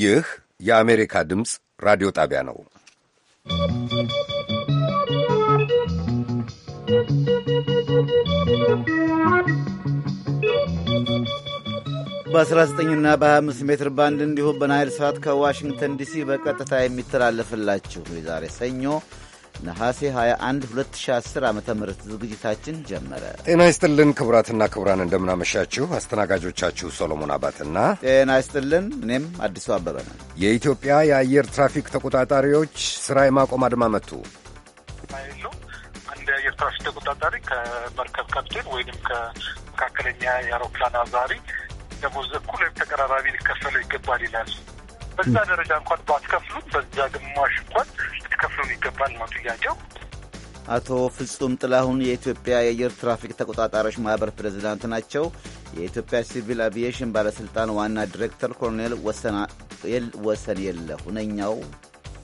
ይህ የአሜሪካ ድምፅ ራዲዮ ጣቢያ ነው። በ19ና በ25 ሜትር ባንድ እንዲሁም በናይል ሰዓት ከዋሽንግተን ዲሲ በቀጥታ የሚተላለፍላችሁ የዛሬ ሰኞ ነሐሴ 21 2010 ዓ ም ዝግጅታችን ጀመረ። ጤና ይስጥልን ክቡራትና ክቡራን፣ እንደምናመሻችሁ። አስተናጋጆቻችሁ ሶሎሞን አባትና ጤና ይስጥልን፣ እኔም አዲሱ አበበ ነን። የኢትዮጵያ የአየር ትራፊክ ተቆጣጣሪዎች ሥራ የማቆም አድማ መቱ። አንድ የአየር ትራፊክ ተቆጣጣሪ ከመርከብ ካፕቴን ወይም ከመካከለኛ የአውሮፕላን አብራሪ ደሞዝ እኩል ወይም ተቀራራቢ ሊከፈለው ይገባል ይላል። በዛ ደረጃ እንኳን ባትከፍሉት፣ በዛ ግማሽ እንኳን ልትከፍሉን ይገባል ነው ጥያቄው። አቶ ፍጹም ጥላሁን የኢትዮጵያ የአየር ትራፊክ ተቆጣጣሪዎች ማኅበር ፕሬዝዳንት ናቸው። የኢትዮጵያ ሲቪል አቪዬሽን ባለሥልጣን ዋና ዲሬክተር ኮሎኔል ወሰን የለ ሁነኛው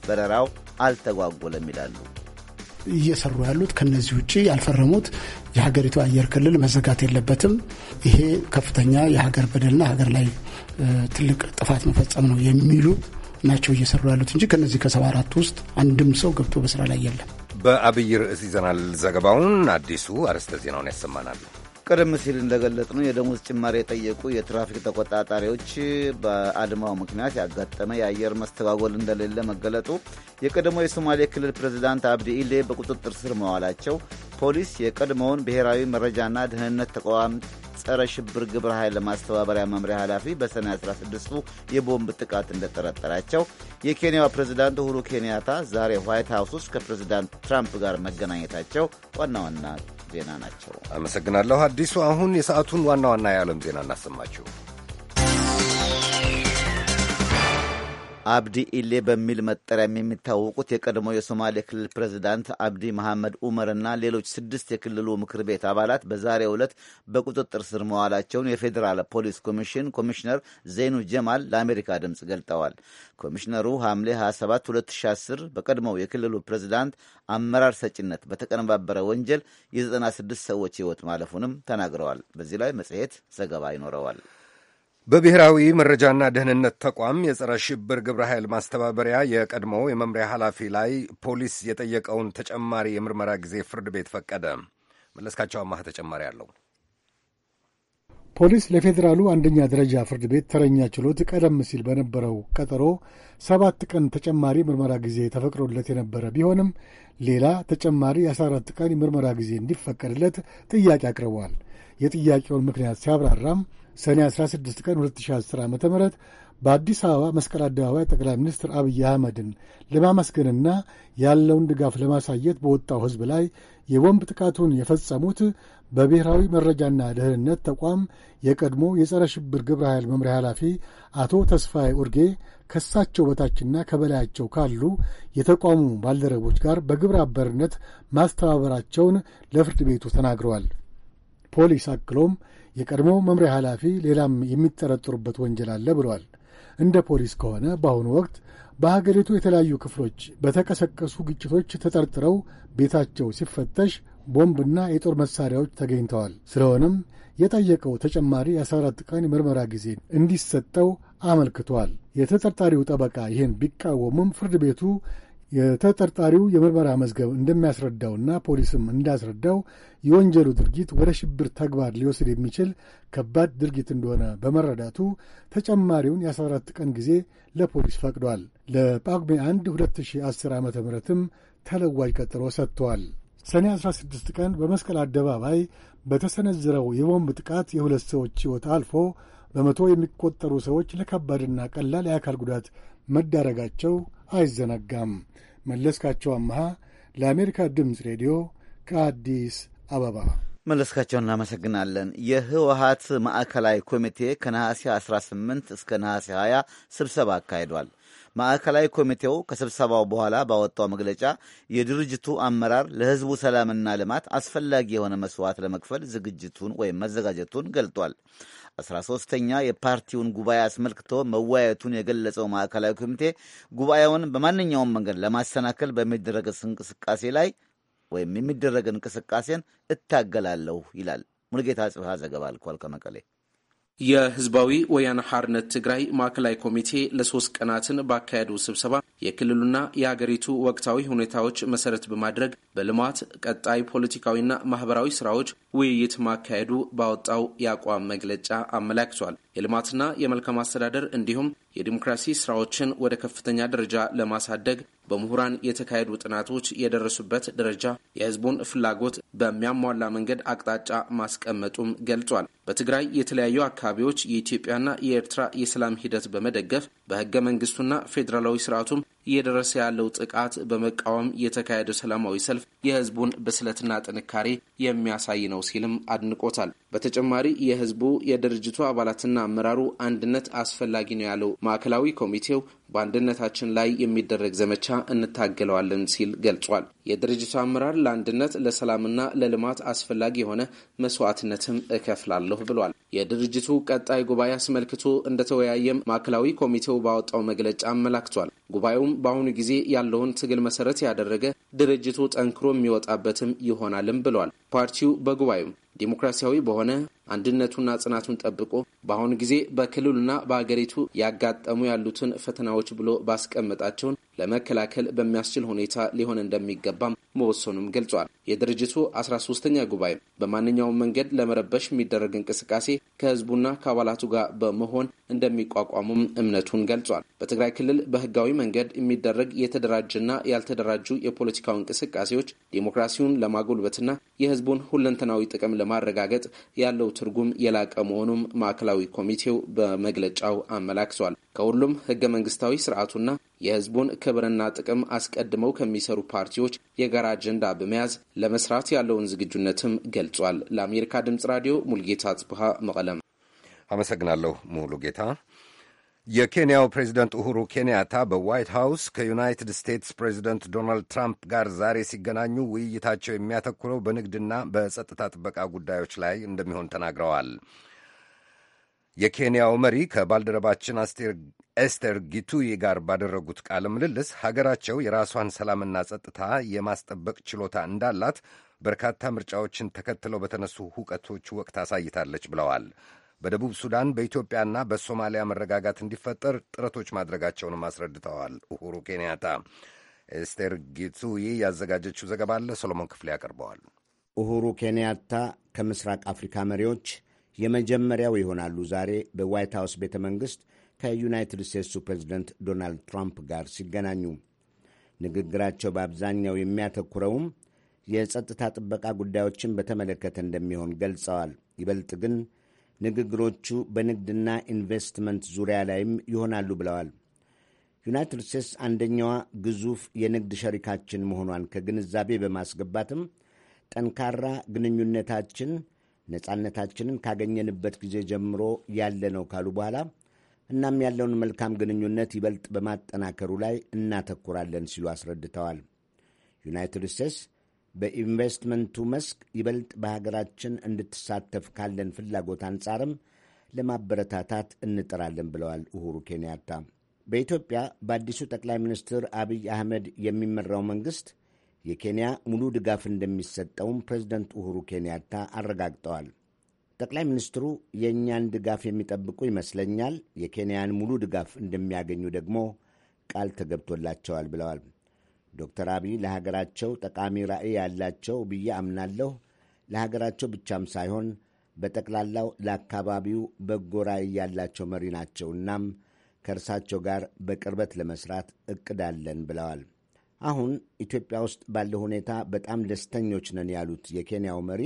በረራው አልተጓጎለም ይላሉ። እየሰሩ ያሉት ከነዚህ ውጭ ያልፈረሙት የሀገሪቱ አየር ክልል መዘጋት የለበትም። ይሄ ከፍተኛ የሀገር በደልና ሀገር ላይ ትልቅ ጥፋት መፈጸም ነው የሚሉት ናቸው እየሰሩ ያሉት እንጂ ከነዚህ ከሰባ አራቱ ውስጥ አንድም ሰው ገብቶ በስራ ላይ የለም። በአብይ ርዕስ ይዘናል ዘገባውን። አዲሱ አርዕስተ ዜናውን ያሰማናል። ቀደም ሲል ነው የደሞዝ ጭማሪ የጠየቁ የትራፊክ ተቆጣጣሪዎች በአድማው ምክንያት ያጋጠመ የአየር መስተጓጎል እንደሌለ መገለጡ፣ የቀድሞ የሶማሌ ክልል ፕሬዚዳንት አብዲ ኢሌ በቁጥጥር ስር መዋላቸው፣ ፖሊስ የቀድሞውን ብሔራዊ መረጃና ደህንነት ተቋም ጸረ ሽብር ግብረ ኃይል ለማስተባበሪያ መምሪያ ኃላፊ በሰኔ 16ቱ የቦምብ ጥቃት እንደጠረጠራቸው፣ የኬንያ ፕሬዚዳንት ኡሁሩ ኬንያታ ዛሬ ዋይት ሀውስ ውስጥ ከፕሬዚዳንት ትራምፕ ጋር መገናኘታቸው ዋና ዋና ዜና ናቸው። አመሰግናለሁ አዲሱ። አሁን የሰዓቱን ዋና ዋና የዓለም ዜና እናሰማችሁ። አብዲ ኢሌ በሚል መጠሪያም የሚታወቁት የቀድሞ የሶማሌ ክልል ፕሬዚዳንት አብዲ መሐመድ ኡመርና ሌሎች ስድስት የክልሉ ምክር ቤት አባላት በዛሬ ዕለት በቁጥጥር ስር መዋላቸውን የፌዴራል ፖሊስ ኮሚሽን ኮሚሽነር ዘይኑ ጀማል ለአሜሪካ ድምፅ ገልጠዋል። ኮሚሽነሩ ሐምሌ 27 2010 በቀድሞው የክልሉ ፕሬዚዳንት አመራር ሰጭነት በተቀነባበረ ወንጀል የ96 ሰዎች ሕይወት ማለፉንም ተናግረዋል። በዚህ ላይ መጽሔት ዘገባ ይኖረዋል። በብሔራዊ መረጃና ደህንነት ተቋም የጸረ ሽብር ግብረ ኃይል ማስተባበሪያ የቀድሞ የመምሪያ ኃላፊ ላይ ፖሊስ የጠየቀውን ተጨማሪ የምርመራ ጊዜ ፍርድ ቤት ፈቀደ። መለስካቸው አማህ ተጨማሪ አለው። ፖሊስ ለፌዴራሉ አንደኛ ደረጃ ፍርድ ቤት ተረኛ ችሎት ቀደም ሲል በነበረው ቀጠሮ ሰባት ቀን ተጨማሪ ምርመራ ጊዜ ተፈቅዶለት የነበረ ቢሆንም ሌላ ተጨማሪ የአስራ አራት ቀን ምርመራ ጊዜ እንዲፈቀድለት ጥያቄ አቅርበዋል። የጥያቄውን ምክንያት ሲያብራራም ሰኔ 16 ቀን 2010 ዓ ም በአዲስ አበባ መስቀል አደባባይ ጠቅላይ ሚኒስትር አብይ አህመድን ለማመስገንና ያለውን ድጋፍ ለማሳየት በወጣው ሕዝብ ላይ የቦምብ ጥቃቱን የፈጸሙት በብሔራዊ መረጃና ደህንነት ተቋም የቀድሞ የጸረ ሽብር ግብረ ኃይል መምሪያ ኃላፊ አቶ ተስፋዬ ኡርጌ ከሳቸው በታችና ከበላያቸው ካሉ የተቋሙ ባልደረቦች ጋር በግብረ አበርነት ማስተባበራቸውን ለፍርድ ቤቱ ተናግረዋል። ፖሊስ አክሎም የቀድሞ መምሪያ ኃላፊ ሌላም የሚጠረጠሩበት ወንጀል አለ ብለዋል። እንደ ፖሊስ ከሆነ በአሁኑ ወቅት በሀገሪቱ የተለያዩ ክፍሎች በተቀሰቀሱ ግጭቶች ተጠርጥረው ቤታቸው ሲፈተሽ ቦምብና የጦር መሳሪያዎች ተገኝተዋል። ስለሆነም የጠየቀው ተጨማሪ የ14 ቀን የምርመራ ጊዜ እንዲሰጠው አመልክቷል። የተጠርጣሪው ጠበቃ ይህን ቢቃወምም ፍርድ ቤቱ የተጠርጣሪው የምርመራ መዝገብ እንደሚያስረዳውና ፖሊስም እንዳስረዳው የወንጀሉ ድርጊት ወደ ሽብር ተግባር ሊወስድ የሚችል ከባድ ድርጊት እንደሆነ በመረዳቱ ተጨማሪውን የ14 ቀን ጊዜ ለፖሊስ ፈቅዷል። ለጳጉሜ 1 2010 ዓ ምትም ተለዋጅ ቀጠሮ ሰጥቷል። ሰኔ 16 ቀን በመስቀል አደባባይ በተሰነዘረው የቦምብ ጥቃት የሁለት ሰዎች ሕይወት አልፎ በመቶ የሚቆጠሩ ሰዎች ለከባድና ቀላል የአካል ጉዳት መዳረጋቸው አይዘነጋም። መለስካቸው አመሃ ለአሜሪካ ድምፅ ሬዲዮ ከአዲስ አበባ መለስካቸው እናመሰግናለን። የህወሀት ማዕከላዊ ኮሚቴ ከነሐሴ 18 እስከ ነሐሴ 20 ስብሰባ አካሂዷል። ማዕከላዊ ኮሚቴው ከስብሰባው በኋላ ባወጣው መግለጫ የድርጅቱ አመራር ለህዝቡ ሰላምና ልማት አስፈላጊ የሆነ መስዋዕት ለመክፈል ዝግጅቱን ወይም መዘጋጀቱን ገልጧል። አስራሶስተኛ የፓርቲውን ጉባኤ አስመልክቶ መወያየቱን የገለጸው ማዕከላዊ ኮሚቴ ጉባኤውን በማንኛውም መንገድ ለማሰናከል በሚደረግ እንቅስቃሴ ላይ ወይም የሚደረግ እንቅስቃሴን እታገላለሁ ይላል። ሙልጌታ ጽብሃ ዘገባ አልኳል ከመቀሌ የህዝባዊ ወያነ ሐርነት ትግራይ ማዕከላዊ ኮሚቴ ለሶስት ቀናትን ባካሄደው ስብሰባ የክልሉና የሀገሪቱ ወቅታዊ ሁኔታዎች መሰረት በማድረግ በልማት ቀጣይ ፖለቲካዊና ማህበራዊ ስራዎች ውይይት ማካሄዱ ባወጣው የአቋም መግለጫ አመላክቷል። የልማትና የመልካም አስተዳደር እንዲሁም የዲሞክራሲ ስራዎችን ወደ ከፍተኛ ደረጃ ለማሳደግ በምሁራን የተካሄዱ ጥናቶች የደረሱበት ደረጃ የህዝቡን ፍላጎት በሚያሟላ መንገድ አቅጣጫ ማስቀመጡም ገልጿል። በትግራይ የተለያዩ አካባቢዎች የኢትዮጵያና የኤርትራ የሰላም ሂደት በመደገፍ በህገ መንግስቱና ፌዴራላዊ ስርዓቱም እየደረሰ ያለው ጥቃት በመቃወም የተካሄደው ሰላማዊ ሰልፍ የህዝቡን ብስለትና ጥንካሬ የሚያሳይ ነው ሲልም አድንቆታል። በተጨማሪ የህዝቡ የድርጅቱ አባላትና አመራሩ አንድነት አስፈላጊ ነው ያለው ማዕከላዊ ኮሚቴው በአንድነታችን ላይ የሚደረግ ዘመቻ እንታገለዋለን ሲል ገልጿል። የድርጅቱ አመራር ለአንድነት ለሰላምና ለልማት አስፈላጊ የሆነ መስዋዕትነትም እከፍላለሁ ብሏል። የድርጅቱ ቀጣይ ጉባኤ አስመልክቶ እንደተወያየም ማዕከላዊ ኮሚቴው ባወጣው መግለጫ አመላክቷል። ጉባኤውም በአሁኑ ጊዜ ያለውን ትግል መሰረት ያደረገ ድርጅቱ ጠንክሮ የሚወጣበትም ይሆናልም ብሏል። ፓርቲው በጉባኤውም ዴሞክራሲያዊ በሆነ አንድነቱና ጽናቱን ጠብቆ በአሁኑ ጊዜ በክልሉና በሀገሪቱ ያጋጠሙ ያሉትን ፈተናዎች ብሎ ባስቀመጣቸውን ለመከላከል በሚያስችል ሁኔታ ሊሆን እንደሚገባም መወሰኑም ገልጿል። የድርጅቱ አስራ ሶስተኛ ጉባኤ በማንኛውም መንገድ ለመረበሽ የሚደረግ እንቅስቃሴ ከህዝቡና ከአባላቱ ጋር በመሆን እንደሚቋቋሙም እምነቱን ገልጿል። በትግራይ ክልል በህጋዊ መንገድ የሚደረግ የተደራጅና ያልተደራጁ የፖለቲካው እንቅስቃሴዎች ዴሞክራሲውን ለማጎልበትና የህዝቡን ሁለንተናዊ ጥቅም ለማረጋገጥ ያለው ትርጉም የላቀ መሆኑም ማዕከላዊ ኮሚቴው በመግለጫው አመላክቷል። ከሁሉም ህገ መንግስታዊ ስርዓቱና የህዝቡን ክብርና ጥቅም አስቀድመው ከሚሰሩ ፓርቲዎች የጋራ አጀንዳ በመያዝ ለመስራት ያለውን ዝግጁነትም ገልጿል። ለአሜሪካ ድምጽ ራዲዮ ሙልጌታ ጽብሃ መቀለም። አመሰግናለሁ ጌታ። የኬንያው ፕሬዚደንት ኡሁሩ ኬንያታ በዋይት ሃውስ ከዩናይትድ ስቴትስ ፕሬዚደንት ዶናልድ ትራምፕ ጋር ዛሬ ሲገናኙ ውይይታቸው የሚያተኩረው በንግድና በጸጥታ ጥበቃ ጉዳዮች ላይ እንደሚሆን ተናግረዋል። የኬንያው መሪ ከባልደረባችን አስቴር ኤስተር ጊቱይ ጋር ባደረጉት ቃለ ምልልስ ሀገራቸው የራሷን ሰላምና ጸጥታ የማስጠበቅ ችሎታ እንዳላት በርካታ ምርጫዎችን ተከትለው በተነሱ ሁከቶች ወቅት አሳይታለች ብለዋል። በደቡብ ሱዳን በኢትዮጵያና በሶማሊያ መረጋጋት እንዲፈጠር ጥረቶች ማድረጋቸውንም አስረድተዋል። ኡሁሩ ኬንያታ ኤስቴር ጊቱይ ያዘጋጀችው ዘገባ አለ፣ ሰሎሞን ክፍሌ ያቀርበዋል። ኡሁሩ ኬንያታ ከምስራቅ አፍሪካ መሪዎች የመጀመሪያው ይሆናሉ ዛሬ በዋይት ሃውስ ቤተ መንግሥት ከዩናይትድ ስቴትሱ ፕሬዝደንት ዶናልድ ትራምፕ ጋር ሲገናኙ ንግግራቸው በአብዛኛው የሚያተኩረውም የጸጥታ ጥበቃ ጉዳዮችን በተመለከተ እንደሚሆን ገልጸዋል። ይበልጥ ግን ንግግሮቹ በንግድና ኢንቨስትመንት ዙሪያ ላይም ይሆናሉ ብለዋል። ዩናይትድ ስቴትስ አንደኛዋ ግዙፍ የንግድ ሸሪካችን መሆኗን ከግንዛቤ በማስገባትም ጠንካራ ግንኙነታችን ነጻነታችንን ካገኘንበት ጊዜ ጀምሮ ያለ ነው ካሉ በኋላ እናም ያለውን መልካም ግንኙነት ይበልጥ በማጠናከሩ ላይ እናተኩራለን ሲሉ አስረድተዋል። ዩናይትድ ስቴትስ በኢንቨስትመንቱ መስክ ይበልጥ በሀገራችን እንድትሳተፍ ካለን ፍላጎት አንጻርም ለማበረታታት እንጥራለን ብለዋል ኡሁሩ ኬንያታ። በኢትዮጵያ በአዲሱ ጠቅላይ ሚኒስትር አብይ አህመድ የሚመራው መንግሥት የኬንያ ሙሉ ድጋፍ እንደሚሰጠውም ፕሬዚደንት ኡሁሩ ኬንያታ አረጋግጠዋል። ጠቅላይ ሚኒስትሩ የእኛን ድጋፍ የሚጠብቁ ይመስለኛል። የኬንያን ሙሉ ድጋፍ እንደሚያገኙ ደግሞ ቃል ተገብቶላቸዋል ብለዋል። ዶክተር አብይ ለሀገራቸው ጠቃሚ ራዕይ ያላቸው ብዬ አምናለሁ። ለሀገራቸው ብቻም ሳይሆን በጠቅላላው ለአካባቢው በጎ ራዕይ ያላቸው መሪ ናቸው። እናም ከእርሳቸው ጋር በቅርበት ለመስራት እቅዳለን አለን ብለዋል። አሁን ኢትዮጵያ ውስጥ ባለው ሁኔታ በጣም ደስተኞች ነን ያሉት የኬንያው መሪ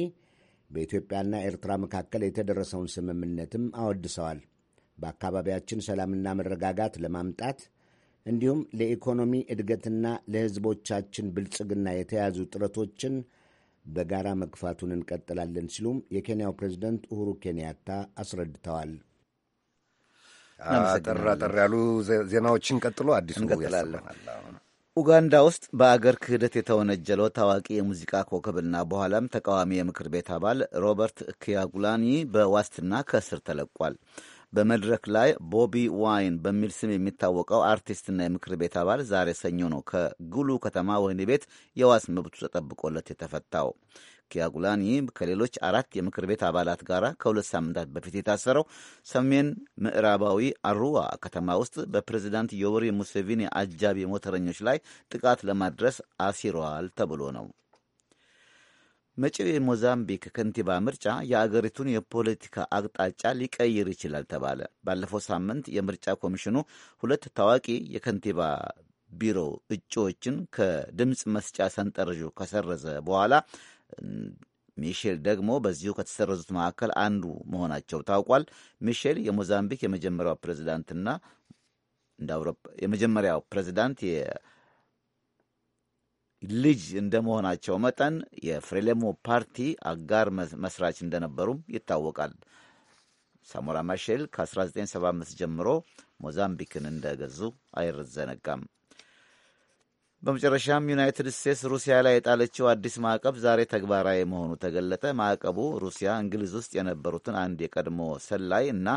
በኢትዮጵያና ኤርትራ መካከል የተደረሰውን ስምምነትም አወድሰዋል። በአካባቢያችን ሰላምና መረጋጋት ለማምጣት እንዲሁም ለኢኮኖሚ እድገትና ለሕዝቦቻችን ብልጽግና የተያዙ ጥረቶችን በጋራ መግፋቱን እንቀጥላለን ሲሉም የኬንያው ፕሬዝደንት ኡሁሩ ኬንያታ አስረድተዋል። አጠር አጠር ያሉ ዜናዎችን ቀጥሎ አዲሱ እንቀጥላለን። ኡጋንዳ ውስጥ በአገር ክህደት የተወነጀለው ታዋቂ የሙዚቃ ኮከብና በኋላም ተቃዋሚ የምክር ቤት አባል ሮበርት ኪያጉላኒ በዋስትና ከእስር ተለቋል። በመድረክ ላይ ቦቢ ዋይን በሚል ስም የሚታወቀው አርቲስትና የምክር ቤት አባል ዛሬ ሰኞ ነው ከጉሉ ከተማ ወህኒ ቤት የዋስ መብቱ ተጠብቆለት የተፈታው። ኪያጉላኒ ከሌሎች አራት የምክር ቤት አባላት ጋር ከሁለት ሳምንታት በፊት የታሰረው ሰሜን ምዕራባዊ አሩዋ ከተማ ውስጥ በፕሬዚዳንት ዮወሪ ሙሴቪኒ አጃቢ ሞተረኞች ላይ ጥቃት ለማድረስ አሲሯል ተብሎ ነው። መጪው የሞዛምቢክ ከንቲባ ምርጫ የአገሪቱን የፖለቲካ አቅጣጫ ሊቀይር ይችላል ተባለ። ባለፈው ሳምንት የምርጫ ኮሚሽኑ ሁለት ታዋቂ የከንቲባ ቢሮ እጩዎችን ከድምፅ መስጫ ሰንጠረዡ ከሰረዘ በኋላ ሚሼል ደግሞ በዚሁ ከተሰረዙት መካከል አንዱ መሆናቸው ታውቋል። ሚሼል የሞዛምቢክ የመጀመሪያው ፕሬዚዳንትና የመጀመሪያው ፕሬዚዳንት ልጅ እንደመሆናቸው መጠን የፍሬሌሞ ፓርቲ አጋር መስራች እንደነበሩም ይታወቃል። ሳሞራ ማሼል ከ1975 ጀምሮ ሞዛምቢክን እንደገዙ አይዘነጋም። በመጨረሻም ዩናይትድ ስቴትስ ሩሲያ ላይ የጣለችው አዲስ ማዕቀብ ዛሬ ተግባራዊ መሆኑ ተገለጠ። ማዕቀቡ ሩሲያ እንግሊዝ ውስጥ የነበሩትን አንድ የቀድሞ ሰላይ እና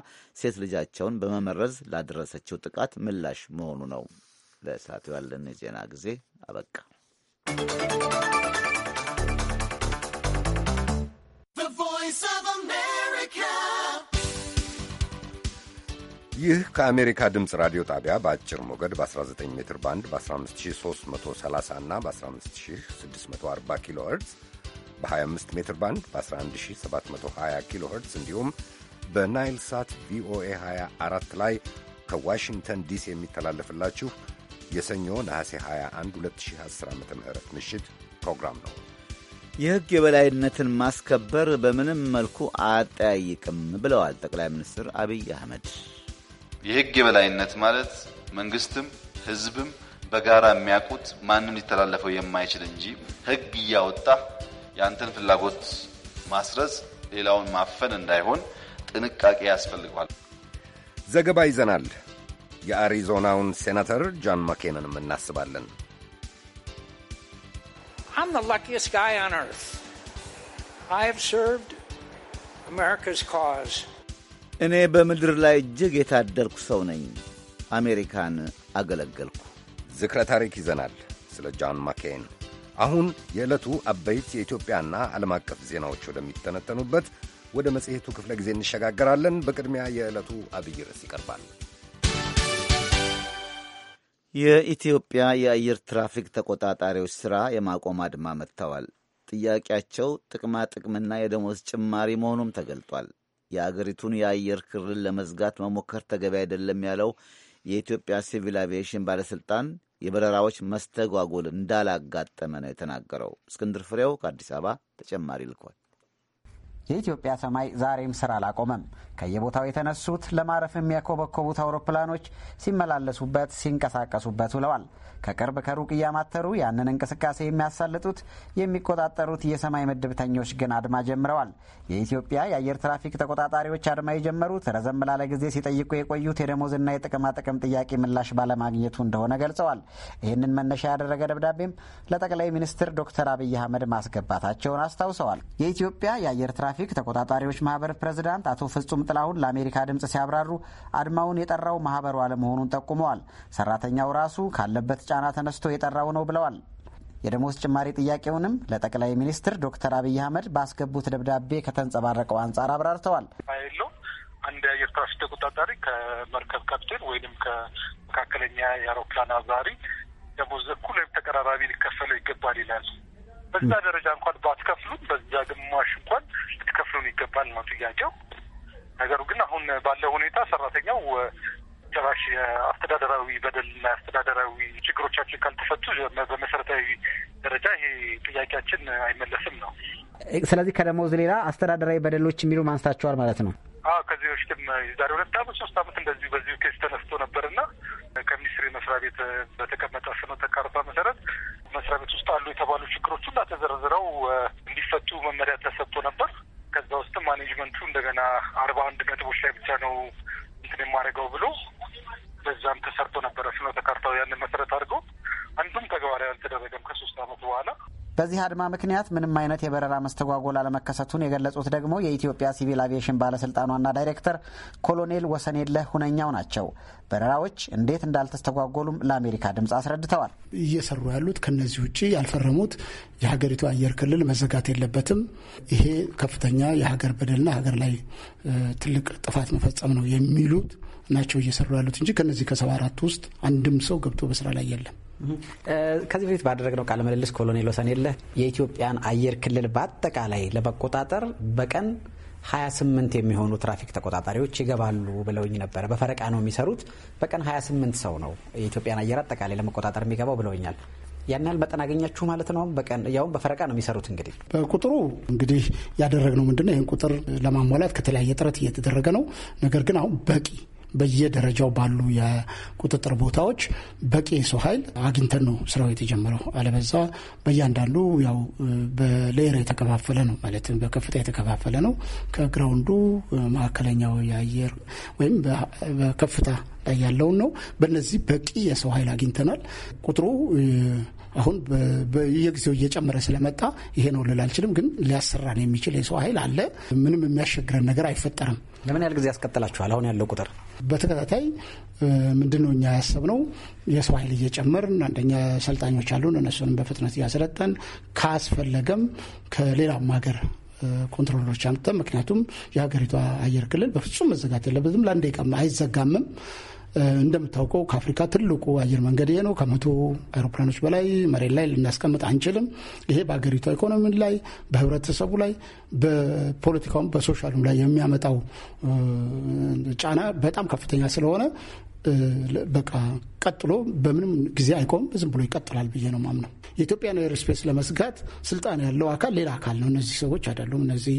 ሴት ልጃቸውን በመመረዝ ላደረሰችው ጥቃት ምላሽ መሆኑ ነው። ለሰዓቱ ያለን የዜና ጊዜ አበቃ። ይህ ከአሜሪካ ድምፅ ራዲዮ ጣቢያ በአጭር ሞገድ በ19 ሜትር ባንድ በ15330 እና በ15640 ኪሎ ኸርትዝ በ25 ሜትር ባንድ በ11720 ኪሎ ኸርትዝ እንዲሁም በናይል ሳት ቪኦኤ 24 ላይ ከዋሽንግተን ዲሲ የሚተላለፍላችሁ የሰኞ ነሐሴ 21 2010 ዓ ም ምሽት ፕሮግራም ነው። የሕግ የበላይነትን ማስከበር በምንም መልኩ አጠያይቅም ብለዋል ጠቅላይ ሚኒስትር አብይ አህመድ። የህግ የበላይነት ማለት መንግስትም ህዝብም በጋራ የሚያውቁት ማንም ሊተላለፈው የማይችል እንጂ ህግ እያወጣ የአንተን ፍላጎት ማስረጽ ሌላውን ማፈን እንዳይሆን ጥንቃቄ ያስፈልገዋል። ዘገባ ይዘናል። የአሪዞናውን ሴናተር ጆን መኬንንም እናስባለን። I'm እኔ በምድር ላይ እጅግ የታደልኩ ሰው ነኝ። አሜሪካን አገለገልኩ። ዝክረ ታሪክ ይዘናል ስለ ጃን ማኬን። አሁን የዕለቱ አበይት የኢትዮጵያና ዓለም አቀፍ ዜናዎች ወደሚተነተኑበት ወደ መጽሔቱ ክፍለ ጊዜ እንሸጋገራለን። በቅድሚያ የዕለቱ አብይ ርዕስ ይቀርባል። የኢትዮጵያ የአየር ትራፊክ ተቆጣጣሪዎች ሥራ የማቆም አድማ መጥተዋል። ጥያቄያቸው ጥቅማ ጥቅምና የደሞዝ ጭማሪ መሆኑም ተገልጧል። የአገሪቱን የአየር ክልል ለመዝጋት መሞከር ተገቢ አይደለም ያለው የኢትዮጵያ ሲቪል አቪዬሽን ባለሥልጣን የበረራዎች መስተጓጎል እንዳላጋጠመ ነው የተናገረው። እስክንድር ፍሬው ከአዲስ አበባ ተጨማሪ ልኳል። የኢትዮጵያ ሰማይ ዛሬም ስራ አላቆመም። ከየቦታው የተነሱት ለማረፍ የሚያኮበኮቡት አውሮፕላኖች ሲመላለሱበት፣ ሲንቀሳቀሱበት ውለዋል። ከቅርብ ከሩቅ እያማተሩ ያንን እንቅስቃሴ የሚያሳልጡት የሚቆጣጠሩት የሰማይ ምድብተኞች ግን አድማ ጀምረዋል። የኢትዮጵያ የአየር ትራፊክ ተቆጣጣሪዎች አድማ የጀመሩት ረዘም ላለ ጊዜ ሲጠይቁ የቆዩት የደሞዝና የጥቅማጥቅም ጥያቄ ምላሽ ባለማግኘቱ እንደሆነ ገልጸዋል። ይህንን መነሻ ያደረገ ደብዳቤም ለጠቅላይ ሚኒስትር ዶክተር አብይ አህመድ ማስገባታቸውን አስታውሰዋል። የኢትዮጵያ የአየር የትራፊክ ተቆጣጣሪዎች ማህበር ፕሬዝዳንት አቶ ፍጹም ጥላሁን ለአሜሪካ ድምፅ ሲያብራሩ አድማውን የጠራው ማህበሩ አለመሆኑን ጠቁመዋል። ሰራተኛው ራሱ ካለበት ጫና ተነስቶ የጠራው ነው ብለዋል። የደሞዝ ጭማሪ ጥያቄውንም ለጠቅላይ ሚኒስትር ዶክተር አብይ አህመድ ባስገቡት ደብዳቤ ከተንጸባረቀው አንጻር አብራርተዋል። አንድ የአየር ትራፊክ ተቆጣጣሪ ከመርከብ ካፕቴን ወይንም ከመካከለኛ የአውሮፕላን አብራሪ ደሞዝ እኩል ወይም ተቀራራቢ ሊከፈለው ይገባል ይላል። በዛ ደረጃ እንኳን ባትከፍሉን፣ በዛ ግማሽ እንኳን ልትከፍሉን ይገባል ነው ጥያቄው። ነገሩ ግን አሁን ባለው ሁኔታ ሰራተኛው ጭራሽ አስተዳደራዊ በደልና አስተዳደራዊ ችግሮቻችን ካልተፈቱ በመሰረታዊ ደረጃ ይሄ ጥያቄያችን አይመለስም ነው። ስለዚህ ከደሞዝ ሌላ አስተዳደራዊ በደሎች የሚሉ ማንስታቸዋል ማለት ነው። ከዚህ በፊትም የዛሬ ሁለት አመት ሶስት አመት እንደዚሁ በዚሁ ኬስ ተነስቶ ነበርና ከሚኒስትሪ መስሪያ ቤት በተቀመጠ ፍኖተ ካርታ መሰረት መስሪያ ቤት ውስጥ አሉ የተባሉ ችግሮች ሁላ ተዘርዝረው እንዲፈቱ መመሪያ ተሰጥቶ ነበር። ከዛ ውስጥም ማኔጅመንቱ እንደገና አርባ አንድ ነጥቦች ላይ ብቻ ነው እንትን የማደርገው ብሎ በዛም ተሰርቶ ነበረ። ፍኖተ ካርታው ያንን መሰረት አድርገው አንዱም ተግባራዊ አልተደረገም ከሶስት አመት በኋላ በዚህ አድማ ምክንያት ምንም አይነት የበረራ መስተጓጎል አለመከሰቱን የገለጹት ደግሞ የኢትዮጵያ ሲቪል አቪዬሽን ባለስልጣን ዋና ዳይሬክተር ኮሎኔል ወሰኔለ ሁነኛው ናቸው። በረራዎች እንዴት እንዳልተስተጓጎሉም ለአሜሪካ ድምፅ አስረድተዋል። እየሰሩ ያሉት ከነዚህ ውጭ ያልፈረሙት የሀገሪቱ አየር ክልል መዘጋት የለበትም፣ ይሄ ከፍተኛ የሀገር በደልና ሀገር ላይ ትልቅ ጥፋት መፈጸም ነው የሚሉት ናቸው እየሰሩ ያሉት እንጂ ከነዚህ ከሰባ አራት ውስጥ አንድም ሰው ገብቶ በስራ ላይ የለም። ከዚህ በፊት ባደረግነው ቃለ ምልልስ ኮሎኔል ወሰንየለህ የኢትዮጵያን አየር ክልል በአጠቃላይ ለመቆጣጠር በቀን 28 የሚሆኑ ትራፊክ ተቆጣጣሪዎች ይገባሉ ብለውኝ ነበረ። በፈረቃ ነው የሚሰሩት። በቀን 28 ሰው ነው የኢትዮጵያን አየር አጠቃላይ ለመቆጣጠር የሚገባው ብለውኛል። ያን ያህል መጠን አገኛችሁ ማለት ነው። በቀን ያውም በፈረቃ ነው የሚሰሩት። እንግዲህ በቁጥሩ እንግዲህ ያደረግነው ምንድነው? ይህን ቁጥር ለማሟላት ከተለያየ ጥረት እየተደረገ ነው። ነገር ግን አሁን በቂ በየደረጃው ባሉ የቁጥጥር ቦታዎች በቂ የሰው ኃይል አግኝተን ነው ስራው የተጀመረው። አለበዛ በእያንዳንዱ ያው በሌየር የተከፋፈለ ነው ማለት በከፍታ የተከፋፈለ ነው። ከግራውንዱ መካከለኛው የአየር ወይም በከፍታ ላይ ያለውን ነው። በእነዚህ በቂ የሰው ኃይል አግኝተናል። ቁጥሩ አሁን በየጊዜው እየጨመረ ስለመጣ ይሄ ነው ልል አልችልም፣ ግን ሊያሰራን የሚችል የሰው ኃይል አለ። ምንም የሚያስቸግረን ነገር አይፈጠርም። ለምን ያህል ጊዜ ያስቀጥላችኋል? አሁን ያለው ቁጥር በተከታታይ ምንድን ነው እኛ ያሰብነው የሰው ኃይል እየጨመርን አንደኛ ሰልጣኞች አሉን፣ እነሱንም በፍጥነት እያሰለጠን ካስፈለገም ከሌላም ሀገር ኮንትሮሎች አምጥተን ምክንያቱም የሀገሪቷ አየር ክልል በፍጹም መዘጋት የለበትም። ለአንድ ቀም አይዘጋምም። እንደምታውቀው ከአፍሪካ ትልቁ አየር መንገድ ይሄ ነው። ከመቶ አይሮፕላኖች በላይ መሬት ላይ ልናስቀምጥ አንችልም። ይሄ በሀገሪቷ ኢኮኖሚ ላይ፣ በህብረተሰቡ ላይ፣ በፖለቲካውም በሶሻሉም ላይ የሚያመጣው ጫና በጣም ከፍተኛ ስለሆነ በቃ ቀጥሎ በምንም ጊዜ አይቆም፣ ዝም ብሎ ይቀጥላል ብዬ ነው ማምነው። የኢትዮጵያን ኤርስፔስ ለመዝጋት ስልጣን ያለው አካል ሌላ አካል ነው። እነዚህ ሰዎች አይደሉም። እነዚህ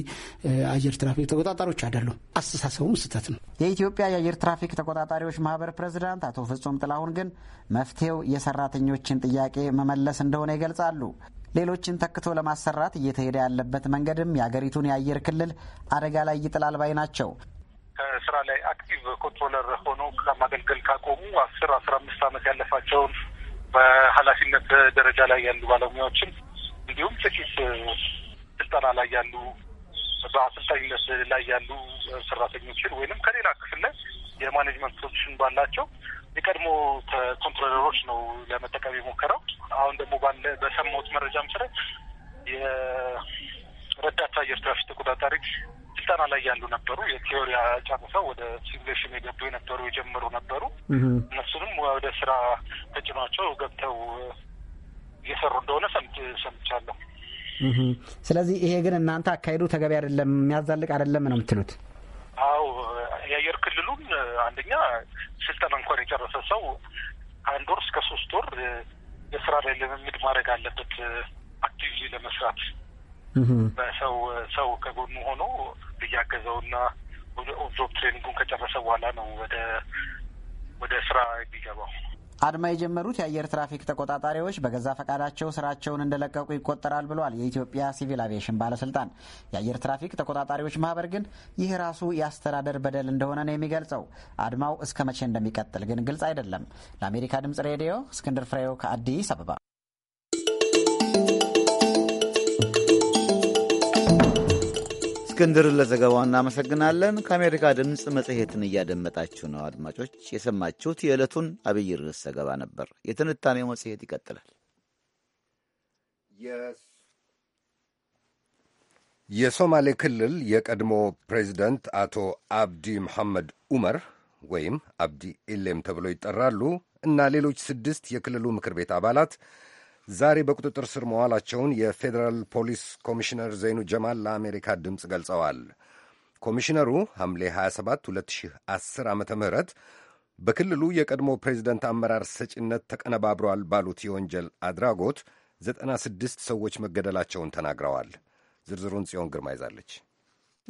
አየር ትራፊክ ተቆጣጣሪዎች አይደሉም። አስተሳሰቡም ስህተት ነው። የኢትዮጵያ የአየር ትራፊክ ተቆጣጣሪዎች ማህበር ፕሬዚዳንት አቶ ፍጹም ጥላሁን ግን መፍትሄው የሰራተኞችን ጥያቄ መመለስ እንደሆነ ይገልጻሉ። ሌሎችን ተክቶ ለማሰራት እየተሄደ ያለበት መንገድም የአገሪቱን የአየር ክልል አደጋ ላይ ይጥላል ባይ ናቸው። ስራ ላይ አክቲቭ ኮንትሮለር ሆኖ ከማገልገል ካቆሙ አስር አስራ አምስት ዓመት ያለፋቸውን በኃላፊነት ደረጃ ላይ ያሉ ባለሙያዎችን እንዲሁም ጥቂት ስልጠና ላይ ያሉ በአሰልጣኝነት ላይ ያሉ ሰራተኞችን ወይንም ከሌላ ክፍል ላይ የማኔጅመንት ፖዚሽን ባላቸው የቀድሞ ኮንትሮለሮች ነው ለመጠቀም የሞከረው። አሁን ደግሞ ባለ በሰማሁት መረጃ መሰረት የረዳት አየር ትራፊክ ተቆጣጣሪ ስልጠና ላይ ያሉ ነበሩ። የቲዮሪያ ጨርሰው ወደ ሲሙሌሽን የገቡ የነበሩ የጀመሩ ነበሩ። እነሱንም ወደ ስራ ተጭኗቸው ገብተው እየሰሩ እንደሆነ ሰምቻለሁ። ስለዚህ ይሄ ግን እናንተ አካሄዱ ተገቢ አይደለም፣ የሚያዛልቅ አይደለም ነው የምትሉት? አዎ የአየር ክልሉን አንደኛ ስልጠና እንኳን የጨረሰ ሰው ከአንድ ወር እስከ ሶስት ወር የስራ ላይ ልምምድ ማድረግ አለበት አክቲቪ ለመስራት በሰው ሰው ከጎኑ ሆኖ እያገዘውና ኦብዞብ ትሬኒንጉን ከጨረሰ በኋላ ነው ወደ ወደ ስራ የሚገባው። አድማ የጀመሩት የአየር ትራፊክ ተቆጣጣሪዎች በገዛ ፈቃዳቸው ስራቸውን እንደለቀቁ ይቆጠራል ብሏል የኢትዮጵያ ሲቪል አቪዬሽን ባለስልጣን። የአየር ትራፊክ ተቆጣጣሪዎች ማህበር ግን ይህ ራሱ የአስተዳደር በደል እንደሆነ ነው የሚገልጸው። አድማው እስከ መቼ እንደሚቀጥል ግን ግልጽ አይደለም። ለአሜሪካ ድምጽ ሬዲዮ እስክንድር ፍሬው ከአዲስ አበባ እስክንድር ለዘገባው እናመሰግናለን። ከአሜሪካ ድምፅ መጽሔትን እያደመጣችሁ ነው አድማጮች። የሰማችሁት የዕለቱን አብይ ርዕስ ዘገባ ነበር። የትንታኔው መጽሔት ይቀጥላል። የሶማሌ ክልል የቀድሞ ፕሬዚደንት አቶ አብዲ መሐመድ ዑመር ወይም አብዲ ኢሌም ተብለው ይጠራሉ እና ሌሎች ስድስት የክልሉ ምክር ቤት አባላት ዛሬ በቁጥጥር ስር መዋላቸውን የፌዴራል ፖሊስ ኮሚሽነር ዘይኑ ጀማል ለአሜሪካ ድምፅ ገልጸዋል። ኮሚሽነሩ ሐምሌ 27 2010 ዓ ም በክልሉ የቀድሞ ፕሬዚደንት አመራር ሰጪነት ተቀነባብሯል ባሉት የወንጀል አድራጎት 96 ሰዎች መገደላቸውን ተናግረዋል። ዝርዝሩን ጽዮን ግርማ ይዛለች።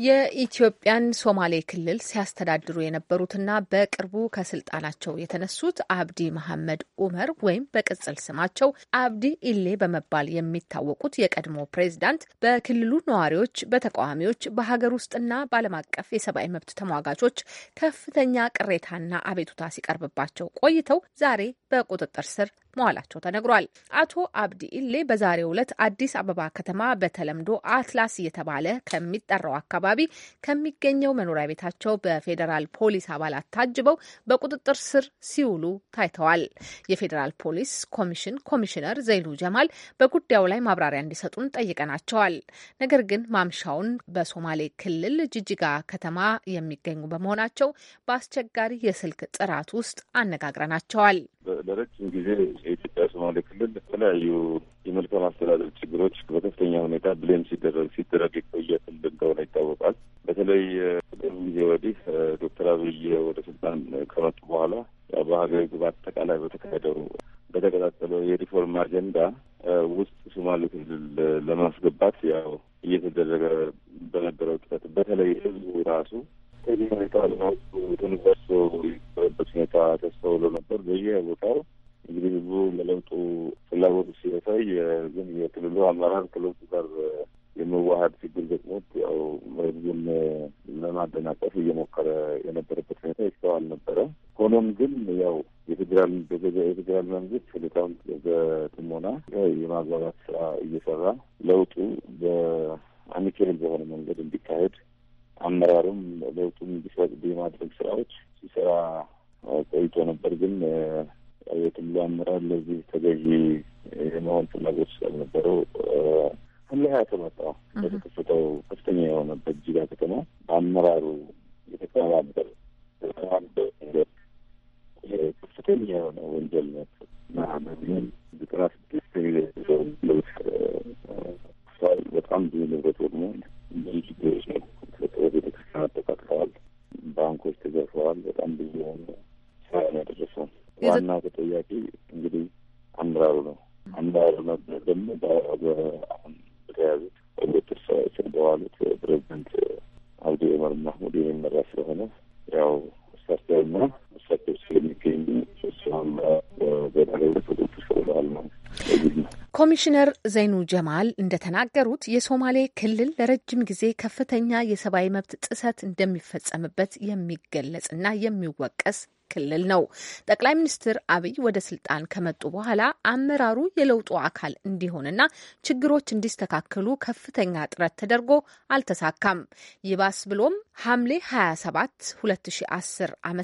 የኢትዮጵያን ሶማሌ ክልል ሲያስተዳድሩ የነበሩትና በቅርቡ ከስልጣናቸው የተነሱት አብዲ መሐመድ ኡመር ወይም በቅጽል ስማቸው አብዲ ኢሌ በመባል የሚታወቁት የቀድሞ ፕሬዝዳንት በክልሉ ነዋሪዎች፣ በተቃዋሚዎች፣ በሀገር ውስጥና በዓለም አቀፍ የሰብአዊ መብት ተሟጋቾች ከፍተኛ ቅሬታና አቤቱታ ሲቀርብባቸው ቆይተው ዛሬ በቁጥጥር ስር መዋላቸው ተነግሯል። አቶ አብዲ ኢሌ በዛሬው ዕለት አዲስ አበባ ከተማ በተለምዶ አትላስ እየተባለ ከሚጠራው አካባቢ ከሚገኘው መኖሪያ ቤታቸው በፌዴራል ፖሊስ አባላት ታጅበው በቁጥጥር ስር ሲውሉ ታይተዋል። የፌዴራል ፖሊስ ኮሚሽን ኮሚሽነር ዘይሉ ጀማል በጉዳዩ ላይ ማብራሪያ እንዲሰጡን ጠይቀናቸዋል። ነገር ግን ማምሻውን በሶማሌ ክልል ጅጅጋ ከተማ የሚገኙ በመሆናቸው በአስቸጋሪ የስልክ ጥራት ውስጥ አነጋግረናቸዋል። ለረጅም ጊዜ የኢትዮጵያ ሶማሌ ክልል የተለያዩ የመልካም አስተዳደር ችግሮች በከፍተኛ ሁኔታ ብሌም ሲደረግ ሲደረግ የቆየ ክልል እንደሆነ ይታወቃል። በተለይ ቅድም ጊዜ ወዲህ ዶክተር አብይ ወደ ስልጣን ከመጡ በኋላ በሀገሪቱ በአጠቃላይ በተካሄደው በተቀጣጠለው የሪፎርም አጀንዳ ውስጥ ሶማሌ ክልል ለማስገባት ያው እየተደረገ በነበረው ጥረት በተለይ ህዝቡ ራሱ ከዚህ ሁኔታ ልማቱ ተንበርሶ ሁኔታ ተስተውሎ ነበር በየ ቦታው እንግዲህ ህዝቡ ለለውጡ ፍላጎት ሲያሳይ ግን የክልሉ አመራር ከለውጡ ጋር የመዋሀድ ችግር ገጥሞት ያው ህዝቡን ለማደናቀፍ እየሞከረ የነበረበት ሁኔታ ይስተዋል ነበረ። ሆኖም ግን ያው የፌዴራል የፌዴራል መንግስት ሁኔታውን በጥሞና የማግባባት ስራ እየሰራ ለውጡ በአሚኬል በሆነ መንገድ እንዲካሄድ አመራሩም ለውጡም እንዲፈቅድ የማድረግ ስራዎች ሲሰራ ቆይቶ ነበር ግን የክልሉ አመራር ለዚህ ተገዢ የመሆን ፍላጎት ስላልነበረው ሁላይ ያተመጣው በተከፈተው ከፍተኛ የሆነ በጅጋ ከተማ በአመራሩ የተቀባበል ከፍተኛ የሆነ ወንጀል ነት ማህበርን ዘጠና ስድስት ሚሊዮን በጣም ብዙ ንብረት ወድሞ ብዙ ችግሮች ነው። ቤተክርስቲያናት ተቃጥለዋል። ባንኮች ተዘርፈዋል። በጣም ብዙ የሆነ ስራ ነው ያደረሰው። ዋና ተጠያቂ እንግዲህ አምራሩ ነው። አምራሩ ነበር ደግሞ በአሁን በተያዙት በቁጥጥር ስር በዋሉት ፕሬዚደንት አብዲ ዑመር ማህሙድ የሚመራ ስለሆነ ያው እሳቸውና እሳቸው ስለሚገኙ እሷም በዳሬበት በቁጥጥር ስር ውለዋል ነው። ኮሚሽነር ዘይኑ ጀማል እንደተናገሩት የሶማሌ ክልል ለረጅም ጊዜ ከፍተኛ የሰብአዊ መብት ጥሰት እንደሚፈጸምበት የሚገለጽና የሚወቀስ ክልል ነው። ጠቅላይ ሚኒስትር አብይ ወደ ስልጣን ከመጡ በኋላ አመራሩ የለውጡ አካል እንዲሆንና ችግሮች እንዲስተካከሉ ከፍተኛ ጥረት ተደርጎ አልተሳካም። ይባስ ብሎም ሐምሌ 27 2010 ዓ ም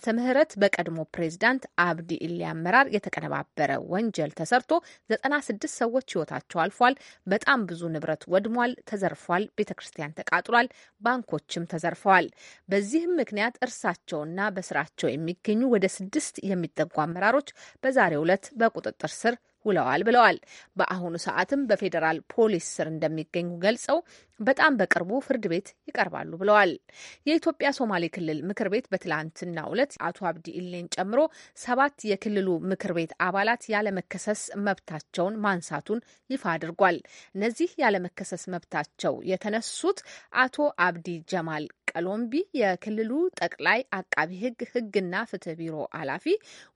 በቀድሞ ፕሬዚዳንት አብዲ ኢሌ አመራር የተቀነባበረ ወንጀል ተሰርቶ 96 ሰዎች ህይወታቸው አልፏል። በጣም ብዙ ንብረት ወድሟል፣ ተዘርፏል፣ ቤተ ክርስቲያን ተቃጥሏል፣ ባንኮችም ተዘርፈዋል። በዚህም ምክንያት እርሳቸውና በስራቸው የሚገኙ ወደ ስድስት የሚጠጉ አመራሮች በዛሬው ዕለት በቁጥጥር ስር ውለዋል ብለዋል። በአሁኑ ሰዓትም በፌዴራል ፖሊስ ስር እንደሚገኙ ገልጸው በጣም በቅርቡ ፍርድ ቤት ይቀርባሉ ብለዋል። የኢትዮጵያ ሶማሌ ክልል ምክር ቤት በትላንትናው ዕለት አቶ አብዲ ኢሌን ጨምሮ ሰባት የክልሉ ምክር ቤት አባላት ያለመከሰስ መብታቸውን ማንሳቱን ይፋ አድርጓል። እነዚህ ያለመከሰስ መብታቸው የተነሱት አቶ አብዲ ጀማል ቀሎምቢ የክልሉ ጠቅላይ አቃቢ ሕግ ህግና ፍትህ ቢሮ ኃላፊ፣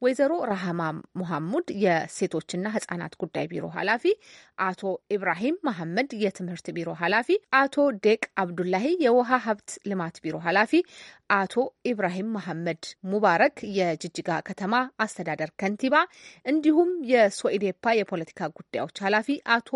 ወይዘሮ ረሃማ ሙሐሙድ የሴቶችና ህጻናት ጉዳይ ቢሮ ኃላፊ፣ አቶ ኢብራሂም መሐመድ የትምህርት ቢሮ ኃላፊ አቶ ዴቅ አብዱላሂ የውሃ ሀብት ልማት ቢሮ ኃላፊ፣ አቶ ኢብራሂም መሐመድ ሙባረክ የጅጅጋ ከተማ አስተዳደር ከንቲባ፣ እንዲሁም የሶኢዴፓ የፖለቲካ ጉዳዮች ኃላፊ አቶ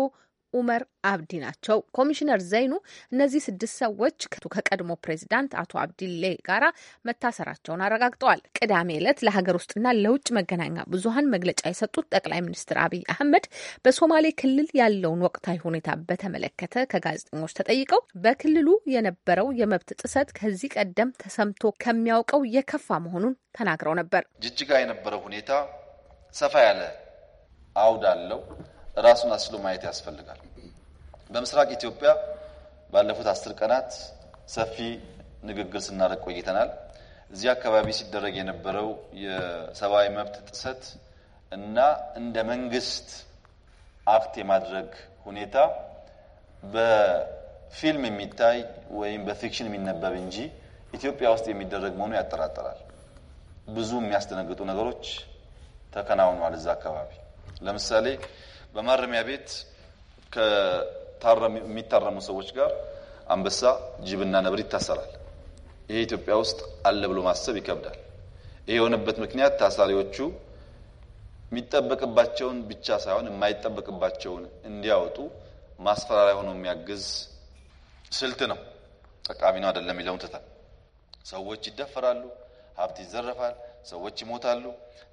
ኡመር አብዲ ናቸው። ኮሚሽነር ዘይኑ እነዚህ ስድስት ሰዎች ከቀድሞ ፕሬዚዳንት አቶ አብዲሌ ጋራ መታሰራቸውን አረጋግጠዋል። ቅዳሜ ዕለት ለሀገር ውስጥና ለውጭ መገናኛ ብዙኃን መግለጫ የሰጡት ጠቅላይ ሚኒስትር አብይ አህመድ በሶማሌ ክልል ያለውን ወቅታዊ ሁኔታ በተመለከተ ከጋዜጠኞች ተጠይቀው በክልሉ የነበረው የመብት ጥሰት ከዚህ ቀደም ተሰምቶ ከሚያውቀው የከፋ መሆኑን ተናግረው ነበር። ጅጅጋ የነበረው ሁኔታ ሰፋ ያለ አውድ አለው። ራሱን አስሎ ማየት ያስፈልጋል። በምስራቅ ኢትዮጵያ ባለፉት አስር ቀናት ሰፊ ንግግር ስናደርግ ቆይተናል። እዚህ አካባቢ ሲደረግ የነበረው የሰብአዊ መብት ጥሰት እና እንደ መንግስት አክት የማድረግ ሁኔታ በፊልም የሚታይ ወይም በፊክሽን የሚነበብ እንጂ ኢትዮጵያ ውስጥ የሚደረግ መሆኑ ያጠራጠራል። ብዙ የሚያስደነግጡ ነገሮች ተከናውኗል። እዛ አካባቢ ለምሳሌ በማረሚያ ቤት ከሚታረሙ ሰዎች ጋር አንበሳ፣ ጅብና ነብር ይታሰራል። ይሄ ኢትዮጵያ ውስጥ አለ ብሎ ማሰብ ይከብዳል። ይሄ የሆነበት ምክንያት ታሳሪዎቹ የሚጠበቅባቸውን ብቻ ሳይሆን የማይጠበቅባቸውን እንዲያወጡ ማስፈራሪያ ሆኖ የሚያግዝ ስልት ነው። ጠቃሚ ነው አይደለም የሚለውን ትተን ሰዎች ይደፈራሉ፣ ሀብት ይዘረፋል፣ ሰዎች ይሞታሉ።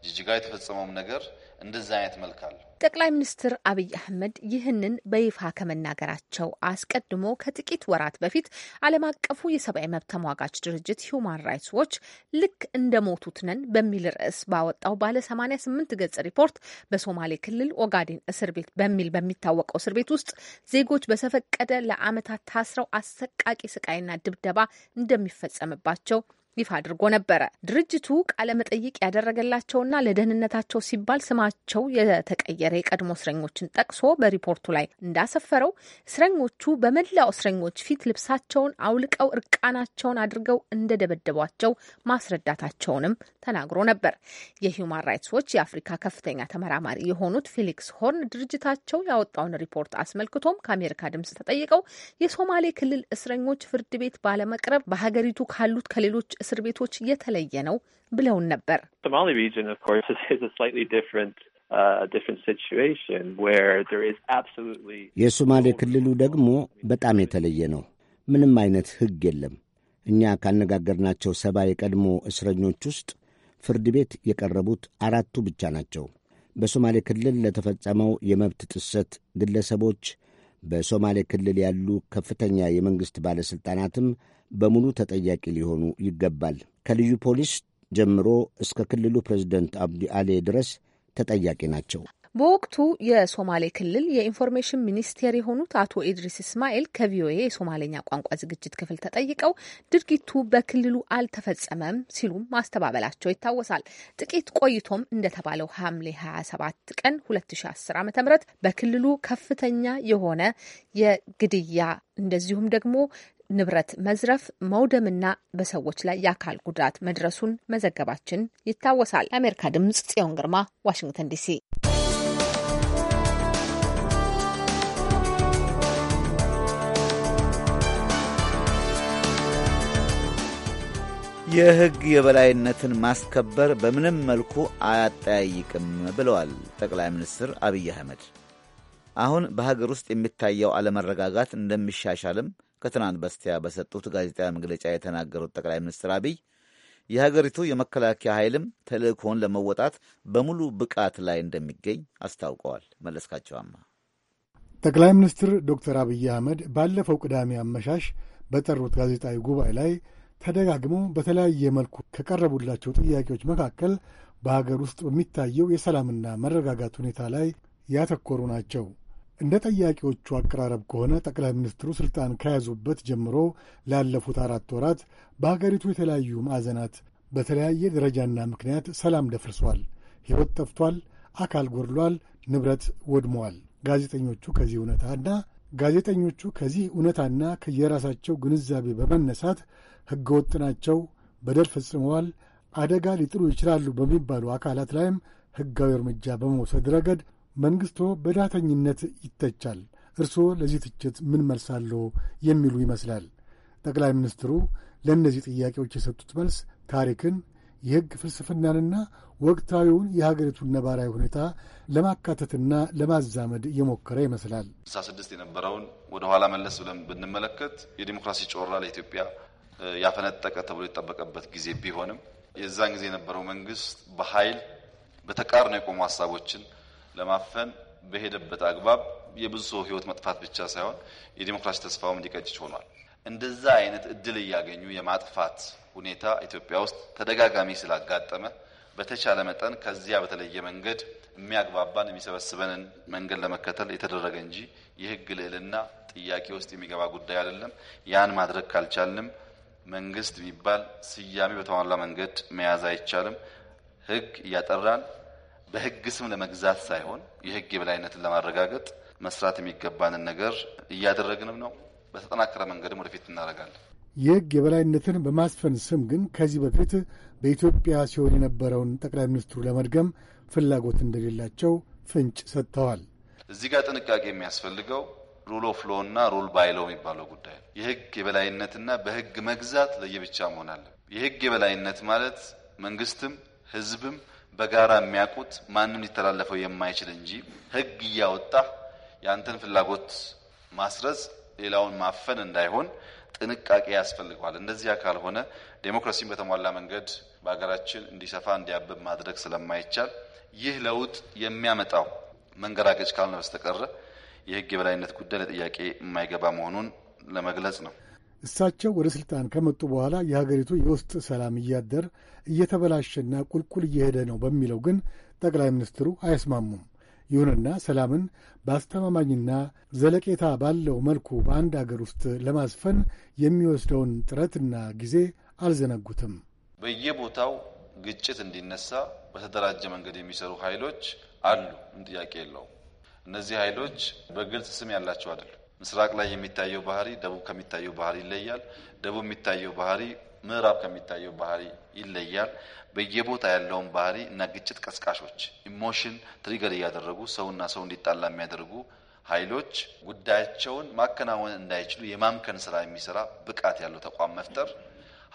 ጅጅጋ የተፈጸመውም ነገር እንደዚህ አይነት መልክ አለው። ጠቅላይ ሚኒስትር አብይ አህመድ ይህንን በይፋ ከመናገራቸው አስቀድሞ ከጥቂት ወራት በፊት ዓለም አቀፉ የሰብአዊ መብት ተሟጋች ድርጅት ሂውማን ራይትስ ዎች ልክ እንደ ሞቱት ነን በሚል ርዕስ ባወጣው ባለ 88 ገጽ ሪፖርት በሶማሌ ክልል ኦጋዴን እስር ቤት በሚል በሚታወቀው እስር ቤት ውስጥ ዜጎች በተፈቀደ ለአመታት ታስረው አሰቃቂ ስቃይና ድብደባ እንደሚፈጸምባቸው ይፋ አድርጎ ነበረ። ድርጅቱ ቃለመጠይቅ ያደረገላቸውና ለደህንነታቸው ሲባል ስማቸው የተቀየረ የቀድሞ እስረኞችን ጠቅሶ በሪፖርቱ ላይ እንዳሰፈረው እስረኞቹ በመላው እስረኞች ፊት ልብሳቸውን አውልቀው እርቃናቸውን አድርገው እንደደበደቧቸው ማስረዳታቸውንም ተናግሮ ነበር። የሂውማን ራይትስ ዎች የአፍሪካ ከፍተኛ ተመራማሪ የሆኑት ፊሊክስ ሆርን ድርጅታቸው ያወጣውን ሪፖርት አስመልክቶም ከአሜሪካ ድምጽ ተጠይቀው የሶማሌ ክልል እስረኞች ፍርድ ቤት ባለመቅረብ በሀገሪቱ ካሉት ከሌሎች እስር ቤቶች የተለየ ነው ብለውን ነበር። uh, የሶማሌ ክልሉ ደግሞ በጣም የተለየ ነው። ምንም አይነት ሕግ የለም። እኛ ካነጋገርናቸው ሰባ የቀድሞ እስረኞች ውስጥ ፍርድ ቤት የቀረቡት አራቱ ብቻ ናቸው። በሶማሌ ክልል ለተፈጸመው የመብት ጥሰት ግለሰቦች፣ በሶማሌ ክልል ያሉ ከፍተኛ የመንግሥት ባለሥልጣናትም በሙሉ ተጠያቂ ሊሆኑ ይገባል። ከልዩ ፖሊስ ጀምሮ እስከ ክልሉ ፕሬዚደንት አብዲ አሌ ድረስ ተጠያቂ ናቸው። በወቅቱ የሶማሌ ክልል የኢንፎርሜሽን ሚኒስቴር የሆኑት አቶ ኢድሪስ እስማኤል ከቪኦኤ የሶማሌኛ ቋንቋ ዝግጅት ክፍል ተጠይቀው ድርጊቱ በክልሉ አልተፈጸመም ሲሉም ማስተባበላቸው ይታወሳል። ጥቂት ቆይቶም እንደተባለው ሐምሌ 27 ቀን 2010 ዓ ም በክልሉ ከፍተኛ የሆነ የግድያ እንደዚሁም ደግሞ ንብረት መዝረፍ፣ መውደምና በሰዎች ላይ የአካል ጉዳት መድረሱን መዘገባችን ይታወሳል። የአሜሪካ ድምጽ ጽዮን ግርማ፣ ዋሽንግተን ዲሲ። የሕግ የበላይነትን ማስከበር በምንም መልኩ አያጠያይቅም ብለዋል ጠቅላይ ሚኒስትር አብይ አህመድ። አሁን በሀገር ውስጥ የሚታየው አለመረጋጋት እንደሚሻሻልም ከትናንት በስቲያ በሰጡት ጋዜጣዊ መግለጫ የተናገሩት ጠቅላይ ሚኒስትር አብይ የሀገሪቱ የመከላከያ ኃይልም ተልእኮውን ለመወጣት በሙሉ ብቃት ላይ እንደሚገኝ አስታውቀዋል። አማ ጠቅላይ ሚኒስትር ዶክተር አብይ አህመድ ባለፈው ቅዳሜ አመሻሽ በጠሩት ጋዜጣዊ ጉባኤ ላይ ተደጋግሞ በተለያየ መልኩ ከቀረቡላቸው ጥያቄዎች መካከል በሀገር ውስጥ በሚታየው የሰላምና መረጋጋት ሁኔታ ላይ ያተኮሩ ናቸው። እንደ ጠያቂዎቹ አቀራረብ ከሆነ ጠቅላይ ሚኒስትሩ ስልጣን ከያዙበት ጀምሮ ላለፉት አራት ወራት በሀገሪቱ የተለያዩ ማዕዘናት በተለያየ ደረጃና ምክንያት ሰላም ደፍርሷል፣ ሕይወት ጠፍቷል፣ አካል ጎድሏል፣ ንብረት ወድመዋል። ጋዜጠኞቹ ከዚህ እውነታና ጋዜጠኞቹ ከዚህ እውነታና ከየራሳቸው ግንዛቤ በመነሳት ሕገወጥ ናቸው፣ በደል ፈጽመዋል፣ አደጋ ሊጥሉ ይችላሉ በሚባሉ አካላት ላይም ሕጋዊ እርምጃ በመውሰድ ረገድ መንግሥቶ በዳተኝነት ይተቻል። እርስዎ ለዚህ ትችት ምን መልሳለሁ የሚሉ ይመስላል። ጠቅላይ ሚኒስትሩ ለእነዚህ ጥያቄዎች የሰጡት መልስ ታሪክን፣ የሕግ ፍልስፍናንና ወቅታዊውን የሀገሪቱን ነባራዊ ሁኔታ ለማካተትና ለማዛመድ የሞከረ ይመስላል። ስልሳ ስድስት የነበረውን ወደ ኋላ መለስ ብለን ብንመለከት የዲሞክራሲ ጮራ ለኢትዮጵያ ያፈነጠቀ ተብሎ የተጠበቀበት ጊዜ ቢሆንም የዛን ጊዜ የነበረው መንግስት በኃይል በተቃርኖ የቆሙ ሀሳቦችን ለማፈን በሄደበት አግባብ የብዙ ሰው ህይወት መጥፋት ብቻ ሳይሆን የዲሞክራሲ ተስፋውም እንዲቀጭጭ ሆኗል። እንደዛ አይነት እድል እያገኙ የማጥፋት ሁኔታ ኢትዮጵያ ውስጥ ተደጋጋሚ ስላጋጠመ በተቻለ መጠን ከዚያ በተለየ መንገድ የሚያግባባን የሚሰበስበንን መንገድ ለመከተል የተደረገ እንጂ የህግ ልዕልና ጥያቄ ውስጥ የሚገባ ጉዳይ አይደለም። ያን ማድረግ ካልቻልንም መንግስት የሚባል ስያሜ በተሟላ መንገድ መያዝ አይቻልም። ህግ እያጠራን በህግ ስም ለመግዛት ሳይሆን የህግ የበላይነትን ለማረጋገጥ መስራት የሚገባንን ነገር እያደረግንም ነው። በተጠናከረ መንገድም ወደፊት እናደርጋለን። የህግ የበላይነትን በማስፈን ስም ግን ከዚህ በፊት በኢትዮጵያ ሲሆን የነበረውን ጠቅላይ ሚኒስትሩ ለመድገም ፍላጎት እንደሌላቸው ፍንጭ ሰጥተዋል። እዚህ ጋር ጥንቃቄ የሚያስፈልገው ሩል ኦፍ ሎ እና ሩል ባይሎ የሚባለው ጉዳይ ነው። የህግ የበላይነትና በህግ መግዛት ለየብቻ መሆን አለ። የህግ የበላይነት ማለት መንግስትም ህዝብም በጋራ የሚያውቁት ማንም ሊተላለፈው የማይችል እንጂ ህግ እያወጣ የአንተን ፍላጎት ማስረጽ ሌላውን ማፈን እንዳይሆን ጥንቃቄ ያስፈልገዋል። እንደዚያ ካልሆነ ዴሞክራሲን በተሟላ መንገድ በሀገራችን እንዲሰፋ እንዲያብብ ማድረግ ስለማይቻል ይህ ለውጥ የሚያመጣው መንገራገጭ ካልሆነ በስተቀረ የህግ የበላይነት ጉዳይ ለጥያቄ የማይገባ መሆኑን ለመግለጽ ነው። እሳቸው ወደ ሥልጣን ከመጡ በኋላ የሀገሪቱ የውስጥ ሰላም እያደር እየተበላሸና ቁልቁል እየሄደ ነው በሚለው ግን ጠቅላይ ሚኒስትሩ አይስማሙም። ይሁንና ሰላምን በአስተማማኝና ዘለቄታ ባለው መልኩ በአንድ አገር ውስጥ ለማስፈን የሚወስደውን ጥረትና ጊዜ አልዘነጉትም። በየቦታው ግጭት እንዲነሳ በተደራጀ መንገድ የሚሰሩ ኃይሎች አሉ፣ ጥያቄ የለውም። እነዚህ ኃይሎች በግልጽ ስም ያላቸው አይደሉም። ምስራቅ ላይ የሚታየው ባህሪ ደቡብ ከሚታየው ባህሪ ይለያል። ደቡብ የሚታየው ባህሪ ምዕራብ ከሚታየው ባህሪ ይለያል። በየቦታ ያለውን ባህሪ እና ግጭት ቀስቃሾች ኢሞሽን ትሪገር እያደረጉ ሰውና ሰው እንዲጣላ የሚያደርጉ ኃይሎች ጉዳያቸውን ማከናወን እንዳይችሉ የማምከን ስራ የሚሰራ ብቃት ያለው ተቋም መፍጠር፣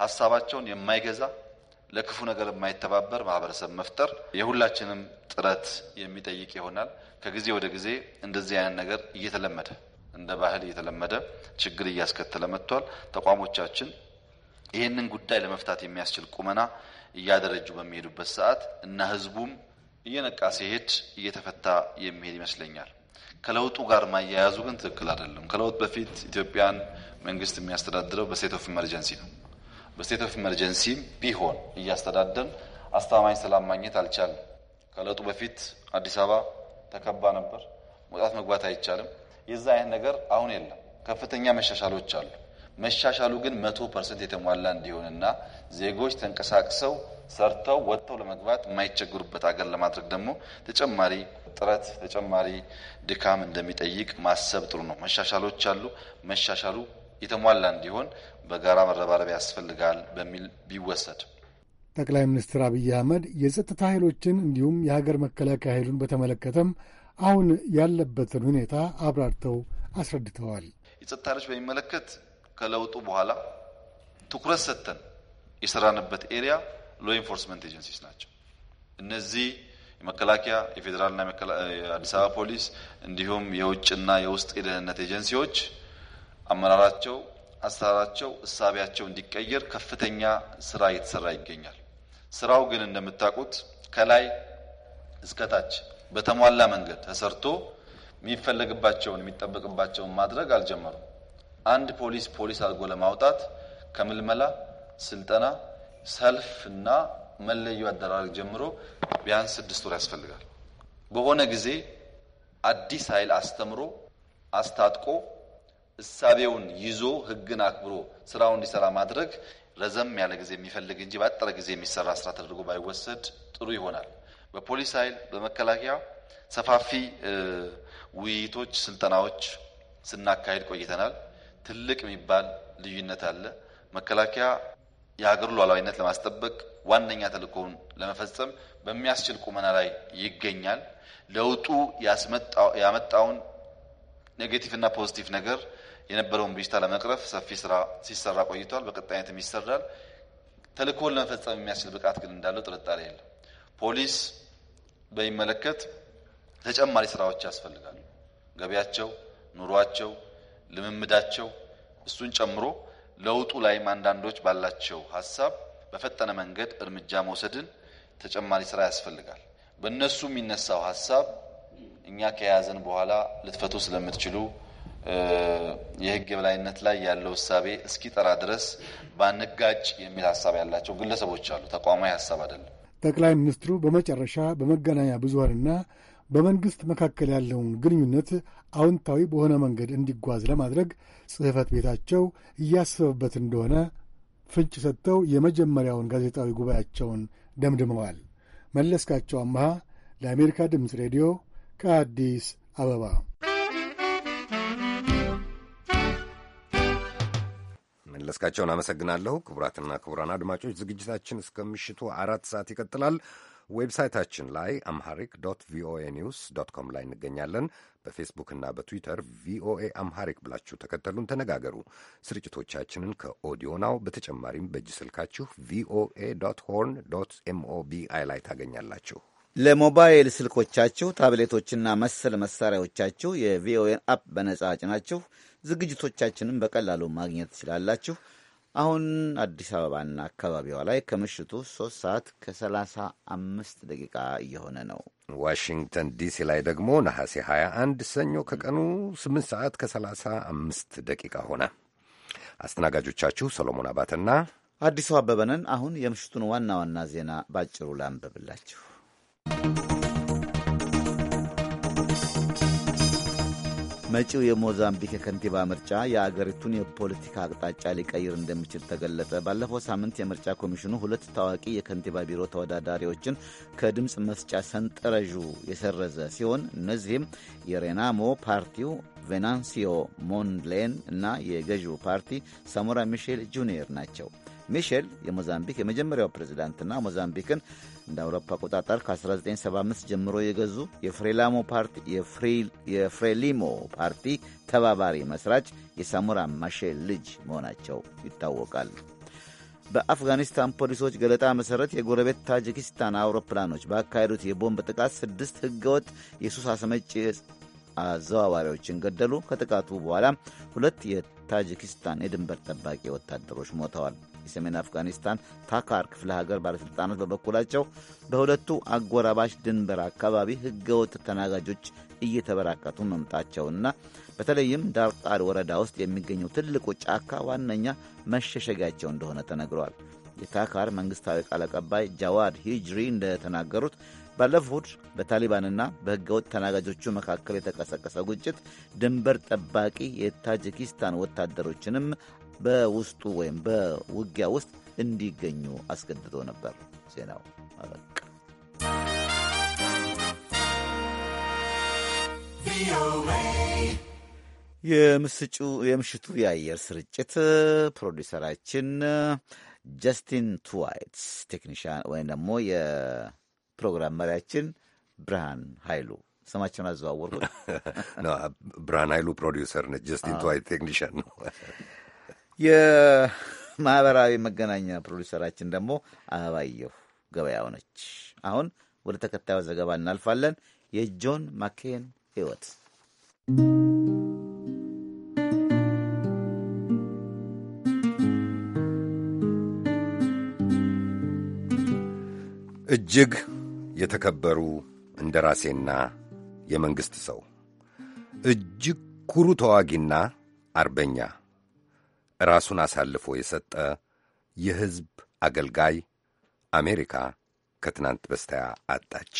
ሀሳባቸውን የማይገዛ ለክፉ ነገር የማይተባበር ማህበረሰብ መፍጠር የሁላችንም ጥረት የሚጠይቅ ይሆናል። ከጊዜ ወደ ጊዜ እንደዚህ አይነት ነገር እየተለመደ እንደ ባህል እየተለመደ ችግር እያስከተለ መጥቷል። ተቋሞቻችን ይህንን ጉዳይ ለመፍታት የሚያስችል ቁመና እያደረጁ በሚሄዱበት ሰዓት እና ህዝቡም እየነቃ ሲሄድ እየተፈታ የሚሄድ ይመስለኛል። ከለውጡ ጋር ማያያዙ ግን ትክክል አይደለም። ከለውጥ በፊት ኢትዮጵያን መንግስት የሚያስተዳድረው በስቴት ኦፍ ኢመርጀንሲ ነው። በስቴት ኦፍ ኢመርጀንሲም ቢሆን እያስተዳደን አስተማማኝ ሰላም ማግኘት አልቻለም። ከለውጡ በፊት አዲስ አበባ ተከባ ነበር። መውጣት መግባት አይቻልም። የዛ አይነት ነገር አሁን የለም። ከፍተኛ መሻሻሎች አሉ። መሻሻሉ ግን መቶ ፐርሰንት የተሟላ እንዲሆንና ዜጎች ተንቀሳቅሰው ሰርተው ወጥተው ለመግባት የማይቸግሩበት አገር ለማድረግ ደግሞ ተጨማሪ ጥረት ተጨማሪ ድካም እንደሚጠይቅ ማሰብ ጥሩ ነው። መሻሻሎች አሉ። መሻሻሉ የተሟላ እንዲሆን በጋራ መረባረብ ያስፈልጋል በሚል ቢወሰድ ጠቅላይ ሚኒስትር አብይ አህመድ የጸጥታ ኃይሎችን እንዲሁም የሀገር መከላከያ ኃይሉን በተመለከተም አሁን ያለበትን ሁኔታ አብራርተው አስረድተዋል። የጸጥታ ኃይሎች በሚመለከት ከለውጡ በኋላ ትኩረት ሰጥተን የሰራንበት ኤሪያ ሎ ኢንፎርስመንት ኤጀንሲስ ናቸው። እነዚህ የመከላከያ የፌዴራልና የአዲስ አበባ ፖሊስ እንዲሁም የውጭና የውስጥ የደህንነት ኤጀንሲዎች አመራራቸው፣ አሰራራቸው፣ እሳቢያቸው እንዲቀየር ከፍተኛ ስራ እየተሰራ ይገኛል። ስራው ግን እንደምታውቁት ከላይ እስከታች በተሟላ መንገድ ተሰርቶ የሚፈለግባቸውን የሚጠበቅባቸውን ማድረግ አልጀመሩም። አንድ ፖሊስ ፖሊስ አድርጎ ለማውጣት ከምልመላ ስልጠና፣ ሰልፍ እና መለዩ አደራረግ ጀምሮ ቢያንስ ስድስት ወር ያስፈልጋል። በሆነ ጊዜ አዲስ ኃይል አስተምሮ አስታጥቆ እሳቤውን ይዞ ህግን አክብሮ ስራውን እንዲሰራ ማድረግ ረዘም ያለ ጊዜ የሚፈልግ እንጂ በአጠረ ጊዜ የሚሰራ ስራ ተደርጎ ባይወሰድ ጥሩ ይሆናል። በፖሊስ ኃይል፣ በመከላከያ ሰፋፊ ውይይቶች፣ ስልጠናዎች ስናካሄድ ቆይተናል። ትልቅ የሚባል ልዩነት አለ። መከላከያ የሀገሩ ሉዓላዊነት ለማስጠበቅ ዋነኛ ተልእኮውን ለመፈጸም በሚያስችል ቁመና ላይ ይገኛል። ለውጡ ያመጣውን ኔጌቲቭ እና ፖዚቲቭ ነገር የነበረውን ብዥታ ለመቅረፍ ሰፊ ስራ ሲሰራ ቆይቷል። በቀጣይነትም ይሰራል። ተልእኮውን ለመፈጸም የሚያስችል ብቃት ግን እንዳለው ጥርጣሬ የለም። ፖሊስ በሚመለከት ተጨማሪ ስራዎች ያስፈልጋሉ። ገቢያቸው፣ ኑሯቸው፣ ልምምዳቸው እሱን ጨምሮ ለውጡ ላይም አንዳንዶች ባላቸው ሀሳብ በፈጠነ መንገድ እርምጃ መውሰድን ተጨማሪ ስራ ያስፈልጋል። በእነሱ የሚነሳው ሀሳብ እኛ ከያዘን በኋላ ልትፈቱ ስለምትችሉ የህግ የበላይነት ላይ ያለው እሳቤ እስኪጠራ ድረስ ባንጋጭ የሚል ሀሳብ ያላቸው ግለሰቦች አሉ። ተቋማዊ ሀሳብ አይደለም። ጠቅላይ ሚኒስትሩ በመጨረሻ በመገናኛ ብዙሃንና በመንግሥት መካከል ያለውን ግንኙነት አዎንታዊ በሆነ መንገድ እንዲጓዝ ለማድረግ ጽሕፈት ቤታቸው እያሰበበት እንደሆነ ፍንጭ ሰጥተው የመጀመሪያውን ጋዜጣዊ ጉባኤያቸውን ደምድመዋል። መለስካቸው አምሃ ለአሜሪካ ድምፅ ሬዲዮ ከአዲስ አበባ መለስካቸውን አመሰግናለሁ። ክቡራትና ክቡራን አድማጮች ዝግጅታችን እስከ ምሽቱ አራት ሰዓት ይቀጥላል። ዌብሳይታችን ላይ አምሃሪክ ዶት ቪኦኤ ኒውስ ዶት ኮም ላይ እንገኛለን። በፌስቡክና በትዊተር ቪኦኤ አምሃሪክ ብላችሁ ተከተሉን፣ ተነጋገሩ። ስርጭቶቻችንን ከኦዲዮ ናው በተጨማሪም በእጅ ስልካችሁ ቪኦኤ ዶት ሆርን ዶት ኤምኦቢአይ ላይ ታገኛላችሁ። ለሞባይል ስልኮቻችሁ ታብሌቶችና መሰል መሳሪያዎቻችሁ የቪኦኤን አፕ በነጻ ጭናችሁ ዝግጅቶቻችንን በቀላሉ ማግኘት ትችላላችሁ። አሁን አዲስ አበባና አካባቢዋ ላይ ከምሽቱ ሶስት ሰዓት ከሰላሳ አምስት ደቂቃ እየሆነ ነው። ዋሽንግተን ዲሲ ላይ ደግሞ ነሐሴ 21 ሰኞ ከቀኑ 8 ሰዓት ከሰላሳ አምስት ደቂቃ ሆነ። አስተናጋጆቻችሁ ሰሎሞን አባተና አዲሱ አበበ ነን። አሁን የምሽቱን ዋና ዋና ዜና ባጭሩ ላንብብላችሁ። መጪው የሞዛምቢክ የከንቲባ ምርጫ የአገሪቱን የፖለቲካ አቅጣጫ ሊቀይር እንደሚችል ተገለጠ ባለፈው ሳምንት የምርጫ ኮሚሽኑ ሁለት ታዋቂ የከንቲባ ቢሮ ተወዳዳሪዎችን ከድምፅ መስጫ ሰንጠረዡ የሰረዘ ሲሆን እነዚህም የሬናሞ ፓርቲው ቬናንሲዮ ሞንድሌን እና የገዢው ፓርቲ ሳሞራ ሚሼል ጁኒየር ናቸው። ሚሼል የሞዛምቢክ የመጀመሪያው ፕሬዚዳንትና ሞዛምቢክን እንደ አውሮፓ አቆጣጠር ከ1975 ጀምሮ የገዙ የፍሬላሞ ፓርቲ የፍሬሊሞ ፓርቲ ተባባሪ መስራች የሳሙራ ማሼ ልጅ መሆናቸው ይታወቃል። በአፍጋኒስታን ፖሊሶች ገለጣ መሠረት የጎረቤት ታጂኪስታን አውሮፕላኖች ባካሄዱት የቦምብ ጥቃት ስድስት ህገወጥ የሱስ አስመጪ አዘዋዋሪዎችን ገደሉ። ከጥቃቱ በኋላ ሁለት የታጂኪስታን የድንበር ጠባቂ ወታደሮች ሞተዋል። የሰሜን አፍጋኒስታን ታካር ክፍለ ሀገር ባለሥልጣናት በበኩላቸው በሁለቱ አጎራባሽ ድንበር አካባቢ ሕገወጥ ተናጋጆች እየተበራከቱ መምጣቸውና በተለይም ዳርጣር ወረዳ ውስጥ የሚገኘው ትልቁ ጫካ ዋነኛ መሸሸጊያቸው እንደሆነ ተነግረዋል። የታካር መንግሥታዊ ቃል አቀባይ ጃዋድ ሂጅሪ እንደተናገሩት ባለፉት በታሊባንና በሕገወጥ ተናጋጆቹ መካከል የተቀሰቀሰው ግጭት ድንበር ጠባቂ የታጂኪስታን ወታደሮችንም በውስጡ ወይም በውጊያ ውስጥ እንዲገኙ አስገድዶ ነበር። ዜናው አበቃ። የምስጩ የምሽቱ የአየር ስርጭት ፕሮዲሰራችን ጀስቲን ትዋይትስ፣ ቴክኒሽያን ወይም ደግሞ የፕሮግራም መሪያችን ብርሃን ኃይሉ ስማቸውን አዘዋወርኩ። ብርሃን ኃይሉ ፕሮዲውሰር ነች። ጀስቲን ትዋይት ቴክኒሽያን ነው። የማህበራዊ መገናኛ ፕሮዲሰራችን ደግሞ አበባየሁ ገበያው ነች። አሁን ወደ ተከታዩ ዘገባ እናልፋለን። የጆን ማኬን ህይወት እጅግ የተከበሩ እንደራሴና የመንግሥት ሰው እጅግ ኩሩ ተዋጊና አርበኛ ራሱን አሳልፎ የሰጠ የሕዝብ አገልጋይ አሜሪካ ከትናንት በስቲያ አጣች።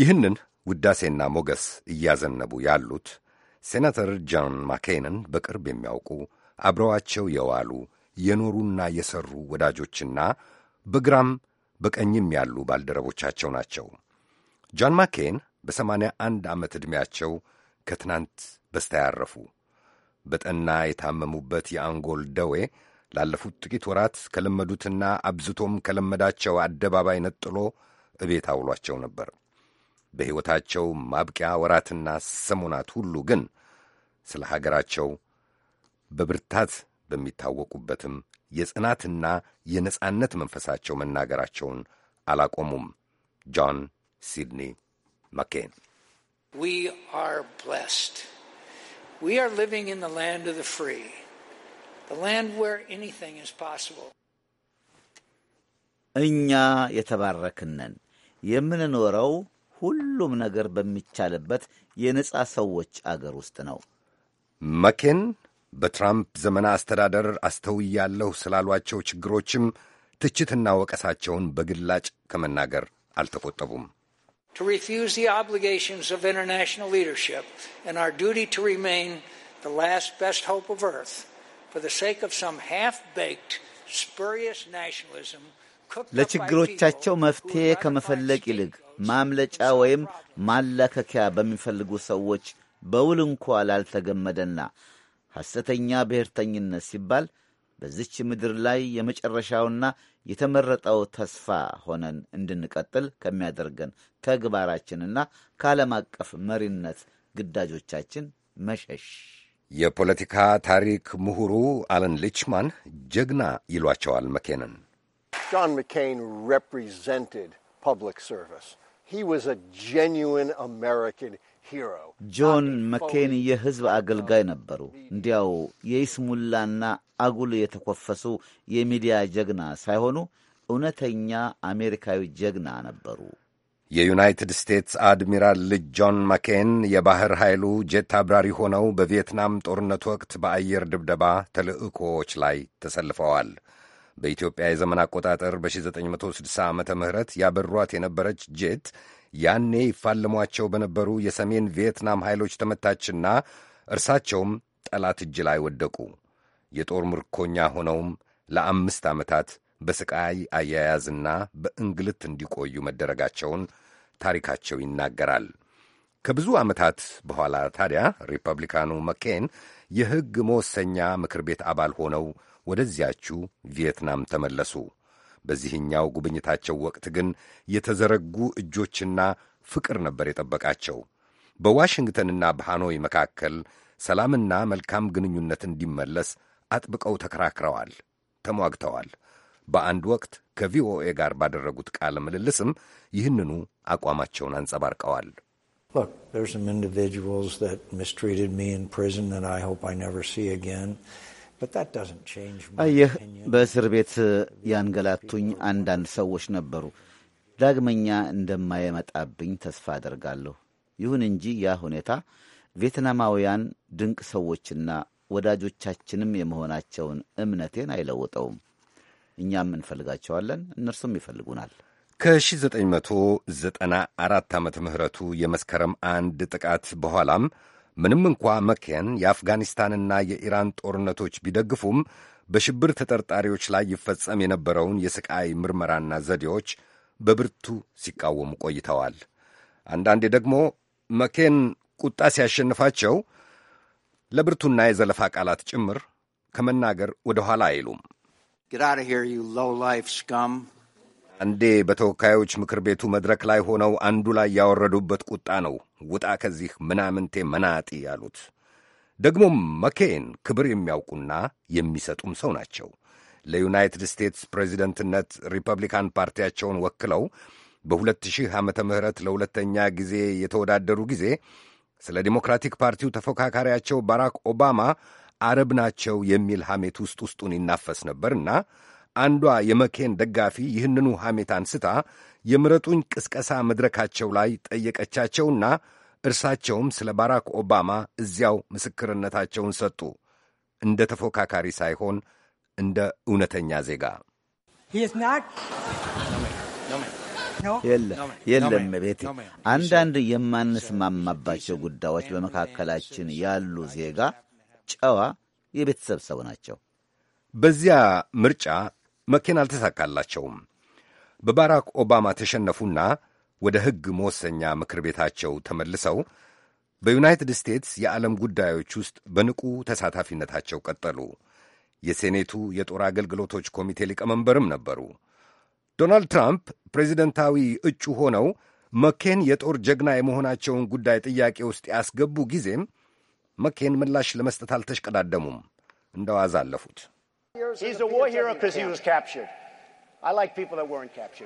ይህንን ውዳሴና ሞገስ እያዘነቡ ያሉት ሴናተር ጆን ማኬንን በቅርብ የሚያውቁ አብረዋቸው የዋሉ የኖሩና የሰሩ ወዳጆችና በግራም በቀኝም ያሉ ባልደረቦቻቸው ናቸው። ጆን ማኬን በሰማንያ አንድ ዓመት ዕድሜያቸው ከትናንት በስቲያ ያረፉ በጠና የታመሙበት የአንጎል ደዌ ላለፉት ጥቂት ወራት ከለመዱትና አብዝቶም ከለመዳቸው አደባባይ ነጥሎ እቤት አውሏቸው ነበር። በሕይወታቸው ማብቂያ ወራትና ሰሞናት ሁሉ ግን ስለ ሀገራቸው በብርታት በሚታወቁበትም የጽናትና የነጻነት መንፈሳቸው መናገራቸውን አላቆሙም። ጆን ሲድኒ ማኬን We are We are living in the land of the free, the land where anything is possible. እኛ የተባረክነን የምንኖረው ሁሉም ነገር በሚቻልበት የነጻ ሰዎች አገር ውስጥ ነው። መኬን በትራምፕ ዘመና አስተዳደር አስተውያለሁ ስላሏቸው ችግሮችም ትችትና ወቀሳቸውን በግላጭ ከመናገር አልተቆጠቡም። to refuse the obligations of international leadership and our duty to remain the last best hope of earth for the sake of some half baked, spurious nationalism. ለችግሮቻቸው መፍትሄ ከመፈለግ ይልቅ ማምለጫ ወይም ማላከኪያ በሚፈልጉ ሰዎች በውል እንኳ ላልተገመደና ሐሰተኛ ብሔርተኝነት ሲባል በዚች ምድር ላይ የመጨረሻውና የተመረጠው ተስፋ ሆነን እንድንቀጥል ከሚያደርገን ተግባራችንና ከዓለም አቀፍ መሪነት ግዳጆቻችን መሸሽ። የፖለቲካ ታሪክ ምሁሩ አለን ሊችማን ጀግና ይሏቸዋል መኬንን። ጆን መኬን ሪፕሬዘንትድ ፐብሊክ ሰርቪስ ሂ ዋዝ አ ጄኒዊን አሜሪካን ጆን መኬን የሕዝብ አገልጋይ ነበሩ። እንዲያው የይስሙላና አጉል የተኮፈሱ የሚዲያ ጀግና ሳይሆኑ እውነተኛ አሜሪካዊ ጀግና ነበሩ። የዩናይትድ ስቴትስ አድሚራል ልጅ ጆን መኬን የባሕር ኃይሉ ጄት አብራሪ ሆነው በቪየትናም ጦርነት ወቅት በአየር ድብደባ ተልዕኮዎች ላይ ተሰልፈዋል። በኢትዮጵያ የዘመን አቆጣጠር በ1960 ዓ ም ያበሯት የነበረች ጄት ያኔ ይፋለሟቸው በነበሩ የሰሜን ቪየትናም ኃይሎች ተመታችና እርሳቸውም ጠላት እጅ ላይ ወደቁ። የጦር ምርኮኛ ሆነውም ለአምስት ዓመታት በሥቃይ አያያዝና በእንግልት እንዲቆዩ መደረጋቸውን ታሪካቸው ይናገራል። ከብዙ ዓመታት በኋላ ታዲያ ሪፐብሊካኑ መኬን የሕግ መወሰኛ ምክር ቤት አባል ሆነው ወደዚያችው ቪየትናም ተመለሱ። በዚህኛው ጉብኝታቸው ወቅት ግን የተዘረጉ እጆችና ፍቅር ነበር የጠበቃቸው። በዋሽንግተንና በሃኖይ መካከል ሰላምና መልካም ግንኙነት እንዲመለስ አጥብቀው ተከራክረዋል፣ ተሟግተዋል። በአንድ ወቅት ከቪኦኤ ጋር ባደረጉት ቃለ ምልልስም ይህንኑ አቋማቸውን አንጸባርቀዋል። Look, there's some individuals that mistreated me in prison that ይህ በእስር ቤት ያንገላቱኝ አንዳንድ ሰዎች ነበሩ። ዳግመኛ እንደማይመጣብኝ ተስፋ አደርጋለሁ። ይሁን እንጂ ያ ሁኔታ ቪየትናማውያን ድንቅ ሰዎችና ወዳጆቻችንም የመሆናቸውን እምነቴን አይለውጠውም። እኛም እንፈልጋቸዋለን፣ እነርሱም ይፈልጉናል። ከ1994 ዓመተ ምሕረቱ የመስከረም አንድ ጥቃት በኋላም ምንም እንኳ መኬን የአፍጋኒስታንና የኢራን ጦርነቶች ቢደግፉም በሽብር ተጠርጣሪዎች ላይ ይፈጸም የነበረውን የሥቃይ ምርመራና ዘዴዎች በብርቱ ሲቃወሙ ቆይተዋል። አንዳንዴ ደግሞ መኬን ቁጣ ሲያሸንፋቸው ለብርቱና የዘለፋ ቃላት ጭምር ከመናገር ወደ ኋላ አይሉም። አንዴ በተወካዮች ምክር ቤቱ መድረክ ላይ ሆነው አንዱ ላይ ያወረዱበት ቁጣ ነው ውጣ ከዚህ ምናምንቴ መናጢ ያሉት። ደግሞ መኬን ክብር የሚያውቁና የሚሰጡም ሰው ናቸው። ለዩናይትድ ስቴትስ ፕሬዚደንትነት ሪፐብሊካን ፓርቲያቸውን ወክለው በ2000 ዓመተ ምህረት ለሁለተኛ ጊዜ የተወዳደሩ ጊዜ ስለ ዲሞክራቲክ ፓርቲው ተፎካካሪያቸው ባራክ ኦባማ አረብ ናቸው የሚል ሐሜት ውስጥ ውስጡን ይናፈስ ነበርና አንዷ የመኬን ደጋፊ ይህንኑ ሐሜት አንስታ የምረጡኝ ቅስቀሳ መድረካቸው ላይ ጠየቀቻቸውና እርሳቸውም ስለ ባራክ ኦባማ እዚያው ምስክርነታቸውን ሰጡ። እንደ ተፎካካሪ ሳይሆን እንደ እውነተኛ ዜጋ የለም ቤቴ አንዳንድ የማንስማማባቸው ጉዳዮች በመካከላችን ያሉ ዜጋ ጨዋ የቤተሰብ ሰው ናቸው። በዚያ ምርጫ መኬን አልተሳካላቸውም። በባራክ ኦባማ ተሸነፉና ወደ ሕግ መወሰኛ ምክር ቤታቸው ተመልሰው በዩናይትድ ስቴትስ የዓለም ጉዳዮች ውስጥ በንቁ ተሳታፊነታቸው ቀጠሉ። የሴኔቱ የጦር አገልግሎቶች ኮሚቴ ሊቀመንበርም ነበሩ። ዶናልድ ትራምፕ ፕሬዚደንታዊ እጩ ሆነው መኬን የጦር ጀግና የመሆናቸውን ጉዳይ ጥያቄ ውስጥ ያስገቡ ጊዜም መኬን ምላሽ ለመስጠት አልተሽቀዳደሙም፣ እንደ ዋዛ አለፉት።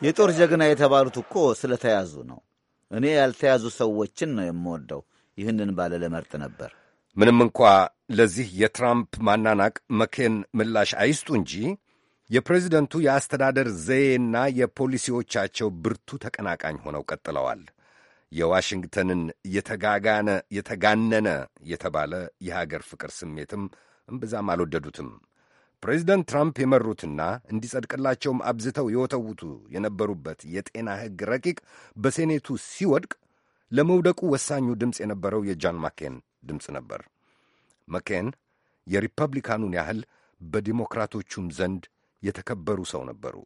የጦር ጀግና የተባሉት እኮ ስለተያዙ ነው። እኔ ያልተያዙ ሰዎችን ነው የምወደው። ይህንን ባለ ለመርጥ ነበር። ምንም እንኳ ለዚህ የትራምፕ ማናናቅ መኬን ምላሽ አይስጡ እንጂ የፕሬዚደንቱ የአስተዳደር ዘዬና የፖሊሲዎቻቸው ብርቱ ተቀናቃኝ ሆነው ቀጥለዋል። የዋሽንግተንን የተጋጋነ የተጋነነ የተባለ የሀገር ፍቅር ስሜትም እምብዛም አልወደዱትም። ፕሬዚደንት ትራምፕ የመሩትና እንዲጸድቅላቸውም አብዝተው የወተውቱ የነበሩበት የጤና ሕግ ረቂቅ በሴኔቱ ሲወድቅ ለመውደቁ ወሳኙ ድምፅ የነበረው የጃን ማኬን ድምፅ ነበር። መኬን የሪፐብሊካኑን ያህል በዲሞክራቶቹም ዘንድ የተከበሩ ሰው ነበሩ።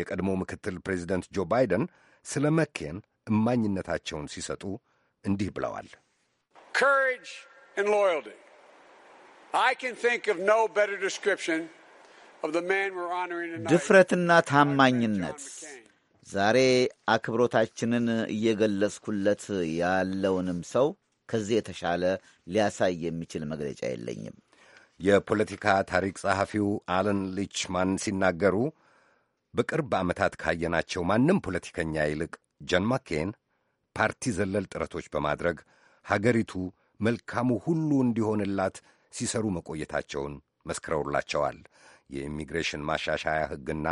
የቀድሞ ምክትል ፕሬዚደንት ጆ ባይደን ስለ መኬን እማኝነታቸውን ሲሰጡ እንዲህ ብለዋል። ድፍረትና ታማኝነት ዛሬ አክብሮታችንን እየገለጽኩለት ያለውንም ሰው ከዚህ የተሻለ ሊያሳይ የሚችል መግለጫ የለኝም። የፖለቲካ ታሪክ ጸሐፊው አለን ሊችማን ሲናገሩ በቅርብ ዓመታት ካየናቸው ማንም ፖለቲከኛ ይልቅ ጆን ማኬን ፓርቲ ዘለል ጥረቶች በማድረግ ሀገሪቱ መልካሙ ሁሉ እንዲሆንላት ሲሰሩ መቆየታቸውን መስክረውላቸዋል። የኢሚግሬሽን ማሻሻያ ሕግና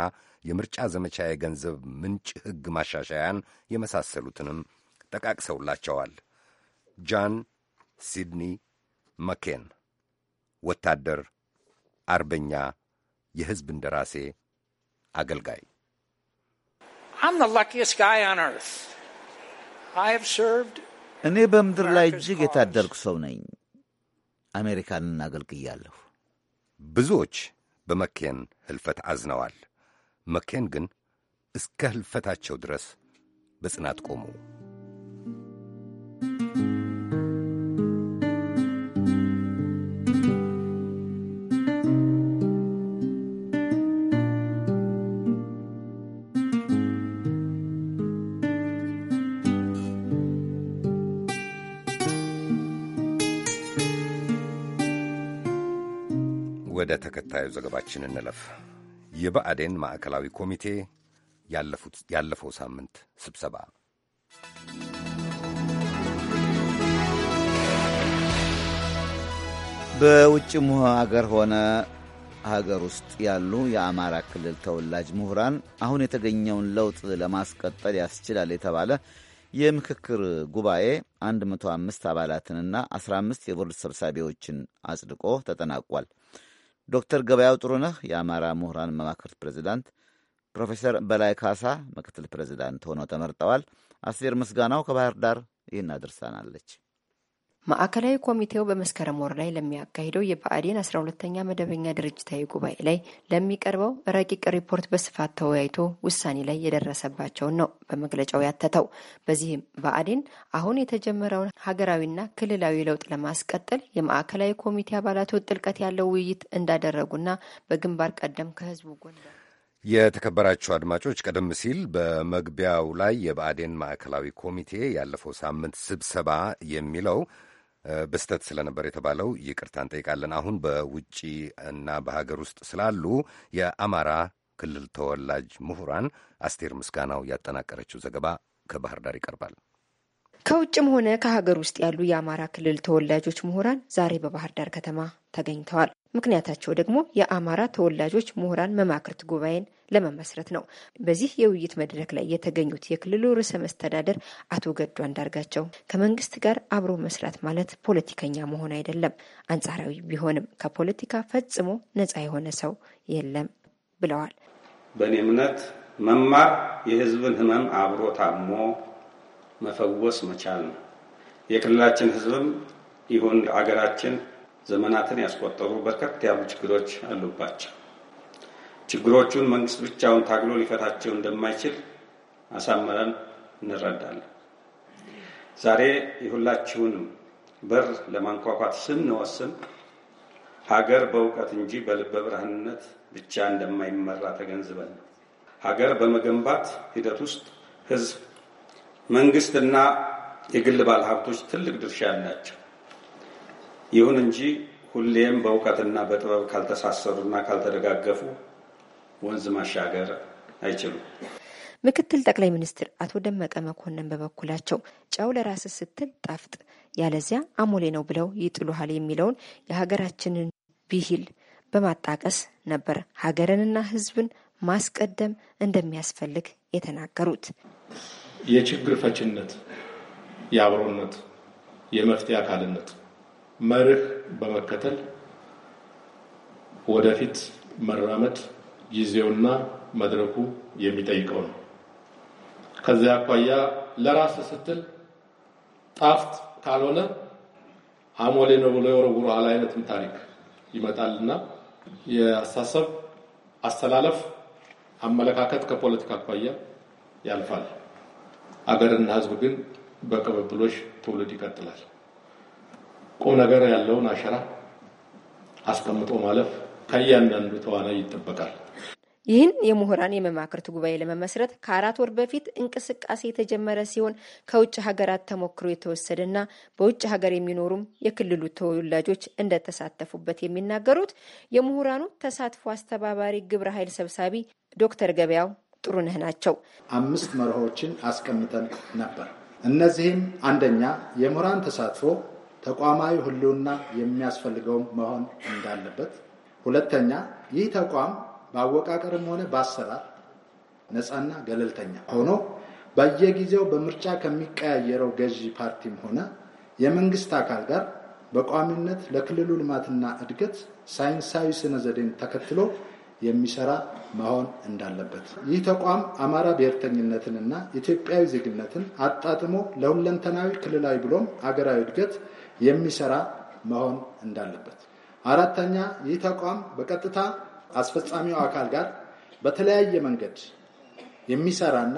የምርጫ ዘመቻ የገንዘብ ምንጭ ሕግ ማሻሻያን የመሳሰሉትንም ጠቃቅሰውላቸዋል። ጃን ሲድኒ መኬን ወታደር፣ አርበኛ፣ የሕዝብ እንደራሴ፣ አገልጋይ እኔ በምድር ላይ እጅግ የታደርኩ ሰው ነኝ። አሜሪካንን አገልግያለሁ። ብዙዎች በመኬን ህልፈት አዝነዋል። መኬን ግን እስከ ህልፈታቸው ድረስ በጽናት ቆሙ። ወደ ተከታዩ ዘገባችን እንለፍ። የብአዴን ማዕከላዊ ኮሚቴ ያለፈው ሳምንት ስብሰባ በውጭም አገር ሆነ ሀገር ውስጥ ያሉ የአማራ ክልል ተወላጅ ምሁራን አሁን የተገኘውን ለውጥ ለማስቀጠል ያስችላል የተባለ የምክክር ጉባኤ 105 አባላትንና 15 የቦርድ ሰብሳቢዎችን አጽድቆ ተጠናቋል። ዶክተር ገበያው ጥሩነህ የአማራ ምሁራን መማክርት ፕሬዚዳንት፣ ፕሮፌሰር በላይ ካሳ ምክትል ፕሬዚዳንት ሆነው ተመርጠዋል። አስቴር ምስጋናው ከባህር ዳር ይህን አድርሳናለች። ማዕከላዊ ኮሚቴው በመስከረም ወር ላይ ለሚያካሂደው የብአዴን አስራ ሁለተኛ መደበኛ ድርጅታዊ ጉባኤ ላይ ለሚቀርበው ረቂቅ ሪፖርት በስፋት ተወያይቶ ውሳኔ ላይ የደረሰባቸውን ነው በመግለጫው ያተተው። በዚህም ብአዴን አሁን የተጀመረውን ሀገራዊና ክልላዊ ለውጥ ለማስቀጠል የማዕከላዊ ኮሚቴ አባላቱ ጥልቀት ያለው ውይይት እንዳደረጉና በግንባር ቀደም ከህዝቡ ጎን የተከበራችሁ አድማጮች ቀደም ሲል በመግቢያው ላይ የብአዴን ማዕከላዊ ኮሚቴ ያለፈው ሳምንት ስብሰባ የሚለው በስተት ስለነበር የተባለው ይቅርታ እንጠይቃለን። አሁን በውጭ እና በሀገር ውስጥ ስላሉ የአማራ ክልል ተወላጅ ምሁራን አስቴር ምስጋናው ያጠናቀረችው ዘገባ ከባህር ዳር ይቀርባል። ከውጭም ሆነ ከሀገር ውስጥ ያሉ የአማራ ክልል ተወላጆች ምሁራን ዛሬ በባህር ዳር ከተማ ተገኝተዋል። ምክንያታቸው ደግሞ የአማራ ተወላጆች ምሁራን መማክርት ጉባኤን ለመመስረት ነው። በዚህ የውይይት መድረክ ላይ የተገኙት የክልሉ ርዕሰ መስተዳደር አቶ ገዱ አንዳርጋቸው ከመንግስት ጋር አብሮ መስራት ማለት ፖለቲከኛ መሆን አይደለም፣ አንጻራዊ ቢሆንም ከፖለቲካ ፈጽሞ ነጻ የሆነ ሰው የለም ብለዋል። በእኔ እምነት መማር የህዝብን ህመም አብሮ ታሞ መፈወስ መቻል ነው። የክልላችን ህዝብም ይሁን አገራችን ዘመናትን ያስቆጠሩ በርከት ያሉ ችግሮች አሉባቸው። ችግሮቹን መንግስት ብቻውን ታግሎ ሊፈታቸው እንደማይችል አሳምረን እንረዳለን። ዛሬ የሁላችሁንም በር ለማንኳኳት ስንወስን ሀገር በእውቀት እንጂ በልበ ብርሃንነት ብቻ እንደማይመራ ተገንዝበን ሀገር በመገንባት ሂደት ውስጥ ህዝብ መንግስትና የግል ባለሀብቶች ትልቅ ድርሻ ያላቸው፣ ይሁን እንጂ ሁሌም በእውቀትና በጥበብ ካልተሳሰሩና ካልተደጋገፉ ወንዝ ማሻገር አይችሉም። ምክትል ጠቅላይ ሚኒስትር አቶ ደመቀ መኮንን በበኩላቸው ጨው ለራስ ስትል ጣፍጥ፣ ያለዚያ አሞሌ ነው ብለው ይጥሉሃል የሚለውን የሀገራችንን ብሂል በማጣቀስ ነበር ሀገርንና ሕዝብን ማስቀደም እንደሚያስፈልግ የተናገሩት። የችግር ፈችነት፣ የአብሮነት፣ የመፍትሄ አካልነት መርህ በመከተል ወደፊት መራመድ ጊዜውና መድረኩ የሚጠይቀው ነው። ከዚያ አኳያ ለራስ ስትል ጣፍት ካልሆነ አሞሌ ነው ብሎ የወረውረዋል አይነትም ታሪክ ይመጣልና የአስተሳሰብ አስተላለፍ አመለካከት ከፖለቲካ አኳያ ያልፋል። አገርና ህዝብ ግን በቅብብሎሽ ትውልድ ይቀጥላል። ቁም ነገር ያለውን አሸራ አስቀምጦ ማለፍ ከእያንዳንዱ ተዋናይ ይጠበቃል። ይህን የምሁራን የመማክርት ጉባኤ ለመመስረት ከአራት ወር በፊት እንቅስቃሴ የተጀመረ ሲሆን ከውጭ ሀገራት ተሞክሮ የተወሰደና በውጭ ሀገር የሚኖሩም የክልሉ ተወላጆች እንደተሳተፉበት የሚናገሩት የምሁራኑ ተሳትፎ አስተባባሪ ግብረ ኃይል ሰብሳቢ ዶክተር ገበያው ጥሩነህ ናቸው። አምስት መርሆችን አስቀምጠን ነበር። እነዚህም አንደኛ የምሁራን ተሳትፎ ተቋማዊ ሁሉና የሚያስፈልገው መሆን እንዳለበት፣ ሁለተኛ ይህ ተቋም በአወቃቀርም ሆነ በአሰራር ነፃና ገለልተኛ ሆኖ በየጊዜው በምርጫ ከሚቀያየረው ገዢ ፓርቲም ሆነ የመንግስት አካል ጋር በቋሚነት ለክልሉ ልማትና እድገት ሳይንሳዊ ስነ ዘዴን ተከትሎ የሚሰራ መሆን እንዳለበት ይህ ተቋም አማራ ብሔርተኝነትንና ኢትዮጵያዊ ዜግነትን አጣጥሞ ለሁለንተናዊ ክልላዊ ብሎም አገራዊ እድገት የሚሰራ መሆን እንዳለበት። አራተኛ ይህ ተቋም በቀጥታ አስፈጻሚው አካል ጋር በተለያየ መንገድ የሚሰራና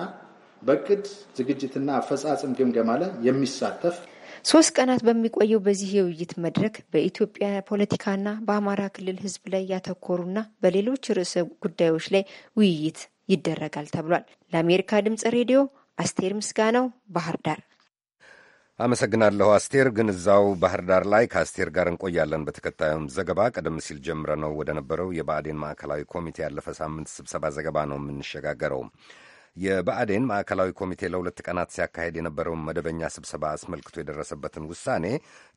በእቅድ ዝግጅትና አፈጻጽም ግምገማ ላይ የሚሳተፍ ሶስት ቀናት በሚቆየው በዚህ የውይይት መድረክ በኢትዮጵያ ፖለቲካና በአማራ ክልል ህዝብ ላይ ያተኮሩና በሌሎች ርዕሰ ጉዳዮች ላይ ውይይት ይደረጋል ተብሏል። ለአሜሪካ ድምጽ ሬዲዮ አስቴር ምስጋናው ባህር ዳር። አመሰግናለሁ አስቴር። ግን እዛው ባህር ዳር ላይ ከአስቴር ጋር እንቆያለን። በተከታዩም ዘገባ ቀደም ሲል ጀምረ ነው ወደ ነበረው የብአዴን ማዕከላዊ ኮሚቴ ያለፈ ሳምንት ስብሰባ ዘገባ ነው የምንሸጋገረው። የብአዴን ማዕከላዊ ኮሚቴ ለሁለት ቀናት ሲያካሄድ የነበረውን መደበኛ ስብሰባ አስመልክቶ የደረሰበትን ውሳኔ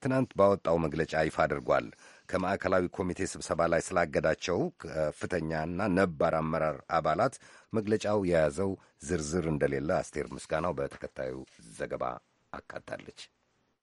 ትናንት ባወጣው መግለጫ ይፋ አድርጓል። ከማዕከላዊ ኮሚቴ ስብሰባ ላይ ስላገዳቸው ከፍተኛና ነባር አመራር አባላት መግለጫው የያዘው ዝርዝር እንደሌለ አስቴር ምስጋናው በተከታዩ ዘገባ አካታለች።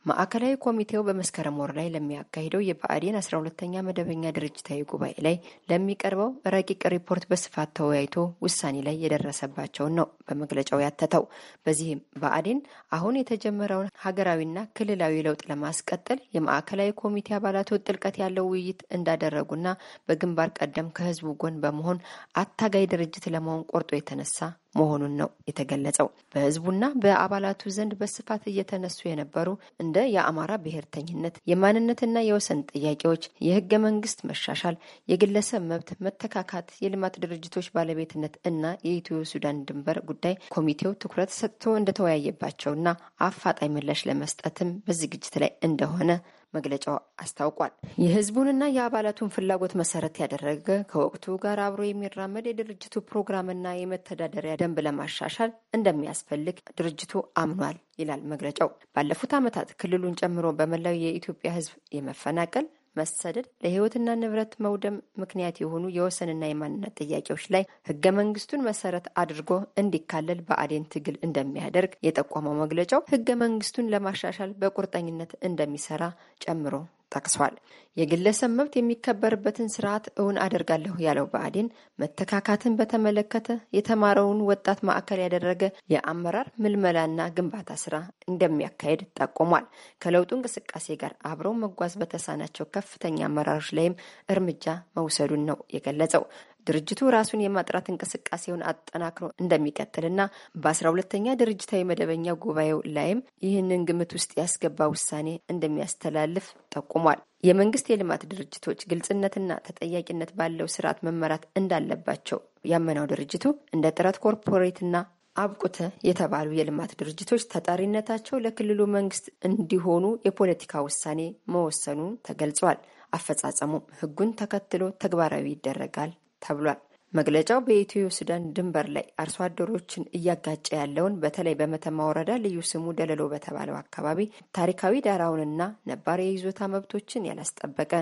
ማዕከላዊ ኮሚቴው በመስከረም ወር ላይ ለሚያካሂደው የብአዴን አስራ ሁለተኛ መደበኛ ድርጅታዊ ጉባኤ ላይ ለሚቀርበው ረቂቅ ሪፖርት በስፋት ተወያይቶ ውሳኔ ላይ የደረሰባቸውን ነው በመግለጫው ያተተው። በዚህም ብአዴን አሁን የተጀመረውን ሀገራዊና ክልላዊ ለውጥ ለማስቀጠል የማዕከላዊ ኮሚቴ አባላቱ ጥልቀት ያለው ውይይት እንዳደረጉና በግንባር ቀደም ከህዝቡ ጎን በመሆን አታጋይ ድርጅት ለመሆን ቆርጦ የተነሳ መሆኑን ነው የተገለጸው። በህዝቡና በአባላቱ ዘንድ በስፋት እየተነሱ የነበሩ እንደ የአማራ ብሔርተኝነት፣ የማንነትና የወሰን ጥያቄዎች፣ የህገ መንግስት መሻሻል፣ የግለሰብ መብት መተካካት፣ የልማት ድርጅቶች ባለቤትነት እና የኢትዮ ሱዳን ድንበር ጉዳይ ኮሚቴው ትኩረት ሰጥቶ እንደተወያየባቸውና አፋጣኝ ምላሽ ለመስጠትም በዝግጅት ላይ እንደሆነ መግለጫው አስታውቋል። የህዝቡንና የአባላቱን ፍላጎት መሰረት ያደረገ ከወቅቱ ጋር አብሮ የሚራመድ የድርጅቱ ፕሮግራምና የመተዳደሪያ ደንብ ለማሻሻል እንደሚያስፈልግ ድርጅቱ አምኗል ይላል መግለጫው። ባለፉት ዓመታት ክልሉን ጨምሮ በመላው የኢትዮጵያ ህዝብ የመፈናቀል መሰደድ፣ ለህይወትና ንብረት መውደም ምክንያት የሆኑ የወሰንና የማንነት ጥያቄዎች ላይ ህገ መንግስቱን መሰረት አድርጎ እንዲካለል በአዴን ትግል እንደሚያደርግ የጠቆመው መግለጫው ህገ መንግስቱን ለማሻሻል በቁርጠኝነት እንደሚሰራ ጨምሮ ጠቅሷል። የግለሰብ መብት የሚከበርበትን ስርዓት እውን አደርጋለሁ ያለው ብአዴን መተካካትን በተመለከተ የተማረውን ወጣት ማዕከል ያደረገ የአመራር ምልመላና ግንባታ ስራ እንደሚያካሄድ ጠቁሟል። ከለውጡ እንቅስቃሴ ጋር አብረው መጓዝ በተሳናቸው ከፍተኛ አመራሮች ላይም እርምጃ መውሰዱን ነው የገለጸው። ድርጅቱ ራሱን የማጥራት እንቅስቃሴውን አጠናክሮ እንደሚቀጥልና በአስራ ሁለተኛ ድርጅታዊ መደበኛ ጉባኤው ላይም ይህንን ግምት ውስጥ ያስገባ ውሳኔ እንደሚያስተላልፍ ጠቁሟል። የመንግስት የልማት ድርጅቶች ግልጽነትና ተጠያቂነት ባለው ስርዓት መመራት እንዳለባቸው ያመነው ድርጅቱ እንደ ጥረት ኮርፖሬትና አብቁተ የተባሉ የልማት ድርጅቶች ተጠሪነታቸው ለክልሉ መንግስት እንዲሆኑ የፖለቲካ ውሳኔ መወሰኑ ተገልጿል። አፈጻጸሙም ህጉን ተከትሎ ተግባራዊ ይደረጋል ተብሏል። መግለጫው በኢትዮ ሱዳን ድንበር ላይ አርሶ አደሮችን እያጋጨ ያለውን በተለይ በመተማ ወረዳ ልዩ ስሙ ደለሎ በተባለው አካባቢ ታሪካዊ ዳራውንና ነባር የይዞታ መብቶችን ያላስጠበቀ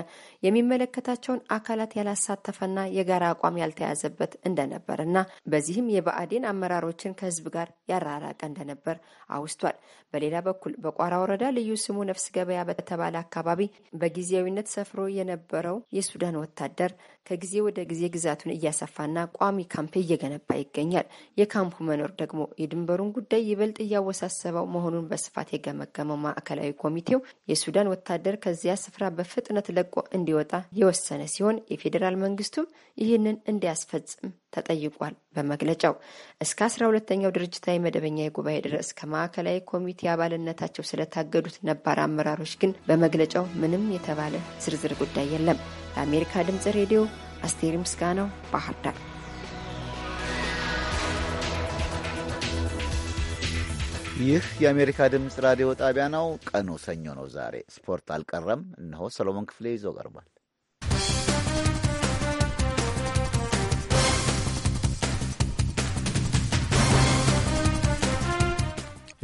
የሚመለከታቸውን አካላት ያላሳተፈና የጋራ አቋም ያልተያዘበት እንደነበርና በዚህም የብአዴን አመራሮችን ከህዝብ ጋር ያራራቀ እንደነበር አውስቷል። በሌላ በኩል በቋራ ወረዳ ልዩ ስሙ ነፍስ ገበያ በተባለ አካባቢ በጊዜያዊነት ሰፍሮ የነበረው የሱዳን ወታደር ከጊዜ ወደ ጊዜ ግዛቱን እያሰፋና ቋሚ ካምፕ እየገነባ ይገኛል። የካምፑ መኖር ደግሞ የድንበሩን ጉዳይ ይበልጥ እያወሳሰበው መሆኑን በስፋት የገመገመው ማዕከላዊ ኮሚቴው የሱዳን ወታደር ከዚያ ስፍራ በፍጥነት ለቆ እንዲወጣ የወሰነ ሲሆን የፌዴራል መንግስቱም ይህንን እንዲያስፈጽም ተጠይቋል። በመግለጫው እስከ አስራ ሁለተኛው ድርጅታዊ መደበኛ የጉባኤ ድረስ ከማዕከላዊ ኮሚቴ አባልነታቸው ስለታገዱት ነባር አመራሮች ግን በመግለጫው ምንም የተባለ ዝርዝር ጉዳይ የለም። ለአሜሪካ ድምጽ ሬዲዮ አስቴር ምስጋናው ባህር ዳር። ይህ የአሜሪካ ድምፅ ራዲዮ ጣቢያ ነው። ቀኑ ሰኞ ነው ዛሬ። ስፖርት አልቀረም። እነሆ ሰሎሞን ክፍሌ ይዞ ቀርቧል።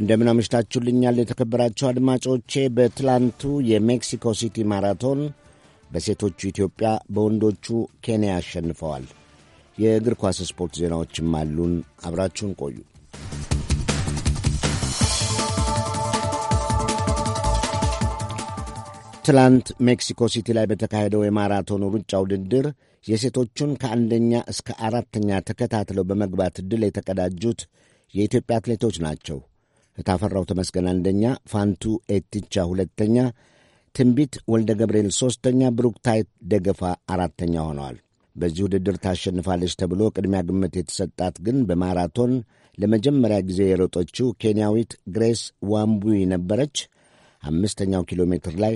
እንደምን አምሽታችሁልኛል የተከበራችሁ አድማጮቼ። በትላንቱ የሜክሲኮ ሲቲ ማራቶን በሴቶቹ ኢትዮጵያ፣ በወንዶቹ ኬንያ አሸንፈዋል። የእግር ኳስ ስፖርት ዜናዎችም አሉን። አብራችሁን ቆዩ። ትላንት ሜክሲኮ ሲቲ ላይ በተካሄደው የማራቶን ሩጫ ውድድር የሴቶቹን ከአንደኛ እስከ አራተኛ ተከታትለው በመግባት ድል የተቀዳጁት የኢትዮጵያ አትሌቶች ናቸው። ታፈራው ተመስገን አንደኛ፣ ፋንቱ ኤቲቻ ሁለተኛ፣ ትንቢት ወልደ ገብርኤል ሦስተኛ፣ ብሩክታይት ደገፋ አራተኛ ሆነዋል። በዚህ ውድድር ታሸንፋለች ተብሎ ቅድሚያ ግምት የተሰጣት ግን በማራቶን ለመጀመሪያ ጊዜ የሮጠችው ኬንያዊት ግሬስ ዋምቡይ ነበረች። አምስተኛው ኪሎ ሜትር ላይ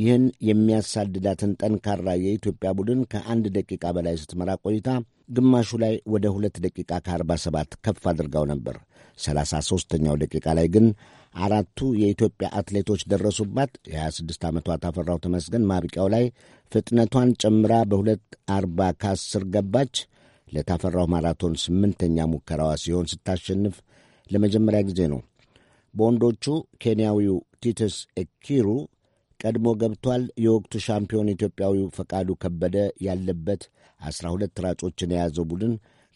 ይህን የሚያሳድዳትን ጠንካራ የኢትዮጵያ ቡድን ከአንድ ደቂቃ በላይ ስትመራ ቆይታ ግማሹ ላይ ወደ ሁለት ደቂቃ ከ47 ከፍ አድርጋው ነበር። 33ኛው ደቂቃ ላይ ግን አራቱ የኢትዮጵያ አትሌቶች ደረሱባት። የ26 ዓመቷ ታፈራው ተመስገን ማብቂያው ላይ ፍጥነቷን ጨምራ በ240 ከ10 ገባች። ለታፈራው ማራቶን ስምንተኛ ሙከራዋ ሲሆን ስታሸንፍ ለመጀመሪያ ጊዜ ነው። በወንዶቹ ኬንያዊው ቲተስ ኤኪሩ ቀድሞ ገብቷል። የወቅቱ ሻምፒዮን ኢትዮጵያዊው ፈቃዱ ከበደ ያለበት ሁለት ራጮችን የያዘው ቡድን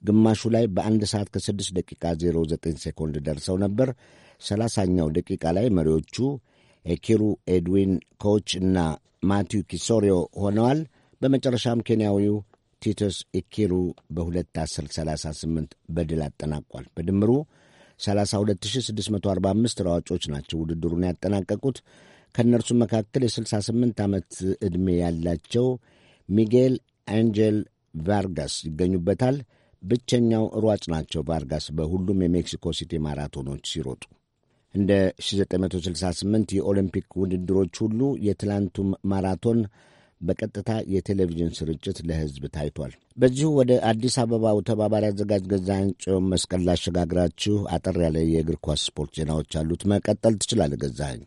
ግማሹ ላይ በአንድ ሰዓት ከ6 ደቂቃ 09 ሴኮንድ ደርሰው ነበር ሰላሳኛው ደቂቃ ላይ መሪዎቹ ኤኪሩ ኤድዊን ኮች እና ማቲው ኪሶሪዮ ሆነዋል። በመጨረሻም ኬንያዊው ቲተስ ኢኪሩ በ2:10:38 በድል አጠናቋል። በድምሩ 32645 ሯጮች ናቸው ውድድሩን ያጠናቀቁት። ከእነርሱም መካከል የ68 ዓመት ዕድሜ ያላቸው ሚጌል አንጀል ቫርጋስ ይገኙበታል። ብቸኛው ሯጭ ናቸው ቫርጋስ በሁሉም የሜክሲኮ ሲቲ ማራቶኖች ሲሮጡ። እንደ 1968 የኦሎምፒክ ውድድሮች ሁሉ የትላንቱም ማራቶን በቀጥታ የቴሌቪዥን ስርጭት ለሕዝብ ታይቷል። በዚሁ ወደ አዲስ አበባው ተባባሪ አዘጋጅ ገዛኸኝ ጽዮን መስቀል ላሸጋግራችሁ። አጠር ያለ የእግር ኳስ ስፖርት ዜናዎች አሉት። መቀጠል ትችላለህ ገዛኸኝ።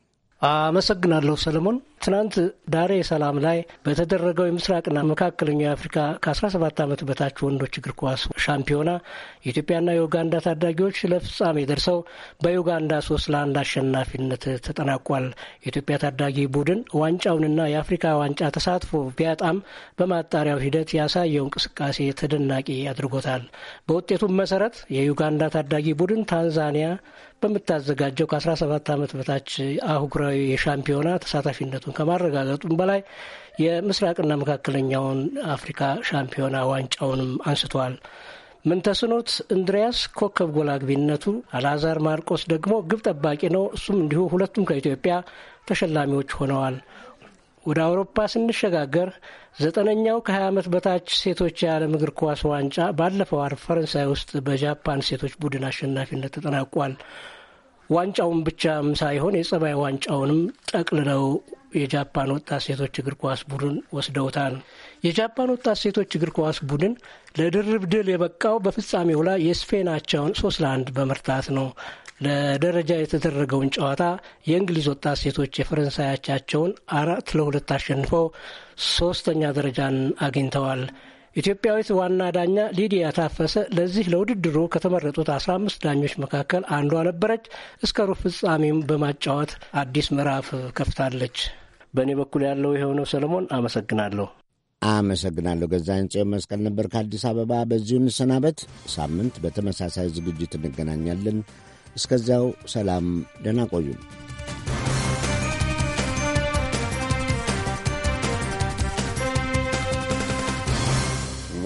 አመሰግናለሁ ሰለሞን። ትናንት ዳሬ ሰላም ላይ በተደረገው የምስራቅና መካከለኛው የአፍሪካ ከ17 ዓመት በታች ወንዶች እግር ኳስ ሻምፒዮና የኢትዮጵያና የኡጋንዳ ታዳጊዎች ለፍጻሜ ደርሰው በዩጋንዳ ሶስት ለአንድ አሸናፊነት ተጠናቋል። የኢትዮጵያ ታዳጊ ቡድን ዋንጫውንና የአፍሪካ ዋንጫ ተሳትፎ ቢያጣም በማጣሪያው ሂደት ያሳየው እንቅስቃሴ ተደናቂ አድርጎታል። በውጤቱም መሰረት የዩጋንዳ ታዳጊ ቡድን ታንዛኒያ በምታዘጋጀው ከ17 ዓመት በታች አህጉራዊ የሻምፒዮና ተሳታፊነቱ መሳተፉን ከማረጋገጡም በላይ የምስራቅና መካከለኛውን አፍሪካ ሻምፒዮና ዋንጫውንም አንስተዋል። ምንተስኖት እንድሪያስ ኮከብ ጎል አግቢነቱ፣ አልአዛር ማርቆስ ደግሞ ግብ ጠባቂ ነው። እሱም እንዲሁ ሁለቱም ከኢትዮጵያ ተሸላሚዎች ሆነዋል። ወደ አውሮፓ ስንሸጋገር ዘጠነኛው ከ20 ዓመት በታች ሴቶች የዓለም እግር ኳስ ዋንጫ ባለፈው አር ፈረንሳይ ውስጥ በጃፓን ሴቶች ቡድን አሸናፊነት ተጠናቋል። ዋንጫውን ብቻም ሳይሆን የጸባይ ዋንጫውንም ጠቅልለው የጃፓን ወጣት ሴቶች እግር ኳስ ቡድን ወስደውታል። የጃፓን ወጣት ሴቶች እግር ኳስ ቡድን ለድርብ ድል የበቃው በፍጻሜው ላይ የስፔናቸውን ሶስት ለአንድ በመርታት ነው። ለደረጃ የተደረገውን ጨዋታ የእንግሊዝ ወጣት ሴቶች የፈረንሳያቻቸውን አራት ለሁለት አሸንፈው ሶስተኛ ደረጃን አግኝተዋል። ኢትዮጵያዊት ዋና ዳኛ ሊዲያ ታፈሰ ለዚህ ለውድድሩ ከተመረጡት አስራ አምስት ዳኞች መካከል አንዷ ነበረች። እስከ ሩብ ፍጻሜም በማጫወት አዲስ ምዕራፍ ከፍታለች። በእኔ በኩል ያለው የሆነው ሰለሞን አመሰግናለሁ። አመሰግናለሁ። ገዛኸኝ ጽዮን መስቀል ነበር ከአዲስ አበባ። በዚሁ እንሰናበት። ሳምንት በተመሳሳይ ዝግጅት እንገናኛለን። እስከዚያው ሰላም፣ ደህና ቆዩን።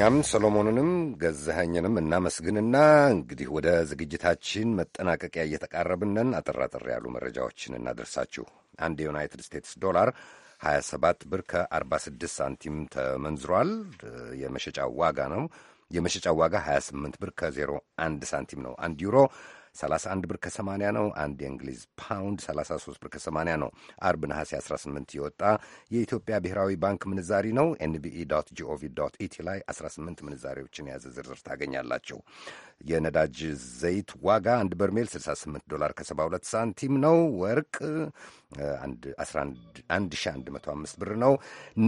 እኛም ሰሎሞንንም ገዛኸኝንም እናመስግንና እንግዲህ ወደ ዝግጅታችን መጠናቀቂያ እየተቃረብነን አጠር አጠር ያሉ መረጃዎችን እናደርሳችሁ። አንድ የዩናይትድ ስቴትስ ዶላር 27 ብር ከ46 ሳንቲም ተመንዝሯል። የመሸጫ ዋጋ ነው። የመሸጫ ዋጋ 28 ብር ከ01 ሳንቲም ነው። አንድ ዩሮ 31 ብር ከ80 ነው። አንድ የእንግሊዝ ፓውንድ 33 ብር ከ80 ነው። አርብ ነሐሴ 18 የወጣ የኢትዮጵያ ብሔራዊ ባንክ ምንዛሪ ነው። ኤንቢኢ ጂኦቪ ኢቲ ላይ 18 ምንዛሬዎችን የያዘ ዝርዝር ታገኛላቸው። የነዳጅ ዘይት ዋጋ አንድ በርሜል 68 ዶላር ከ72 ሳንቲም ነው። ወርቅ 1105 ብር ነው።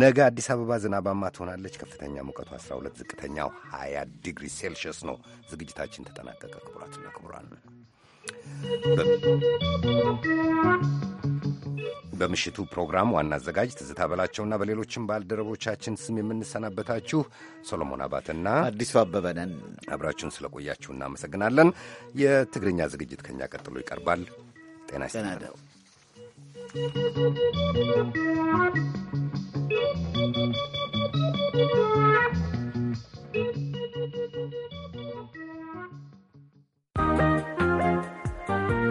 ነገ አዲስ አበባ ዝናባማ ትሆናለች። ከፍተኛ ሙቀቱ 12፣ ዝቅተኛው 20 ዲግሪ ሴልሽየስ ነው። ዝግጅታችን ተጠናቀቀ። ክቡራትና ክቡራን በምሽቱ ፕሮግራም ዋና አዘጋጅ ትዝታ በላቸውና በሌሎችም ባልደረቦቻችን ስም የምንሰናበታችሁ ሶሎሞን አባትና አዲሱ አበበ ነን። አብራችሁን ስለቆያችሁ እናመሰግናለን። የትግርኛ ዝግጅት ከኛ ቀጥሎ ይቀርባል። ጤና ይስጥልኝ።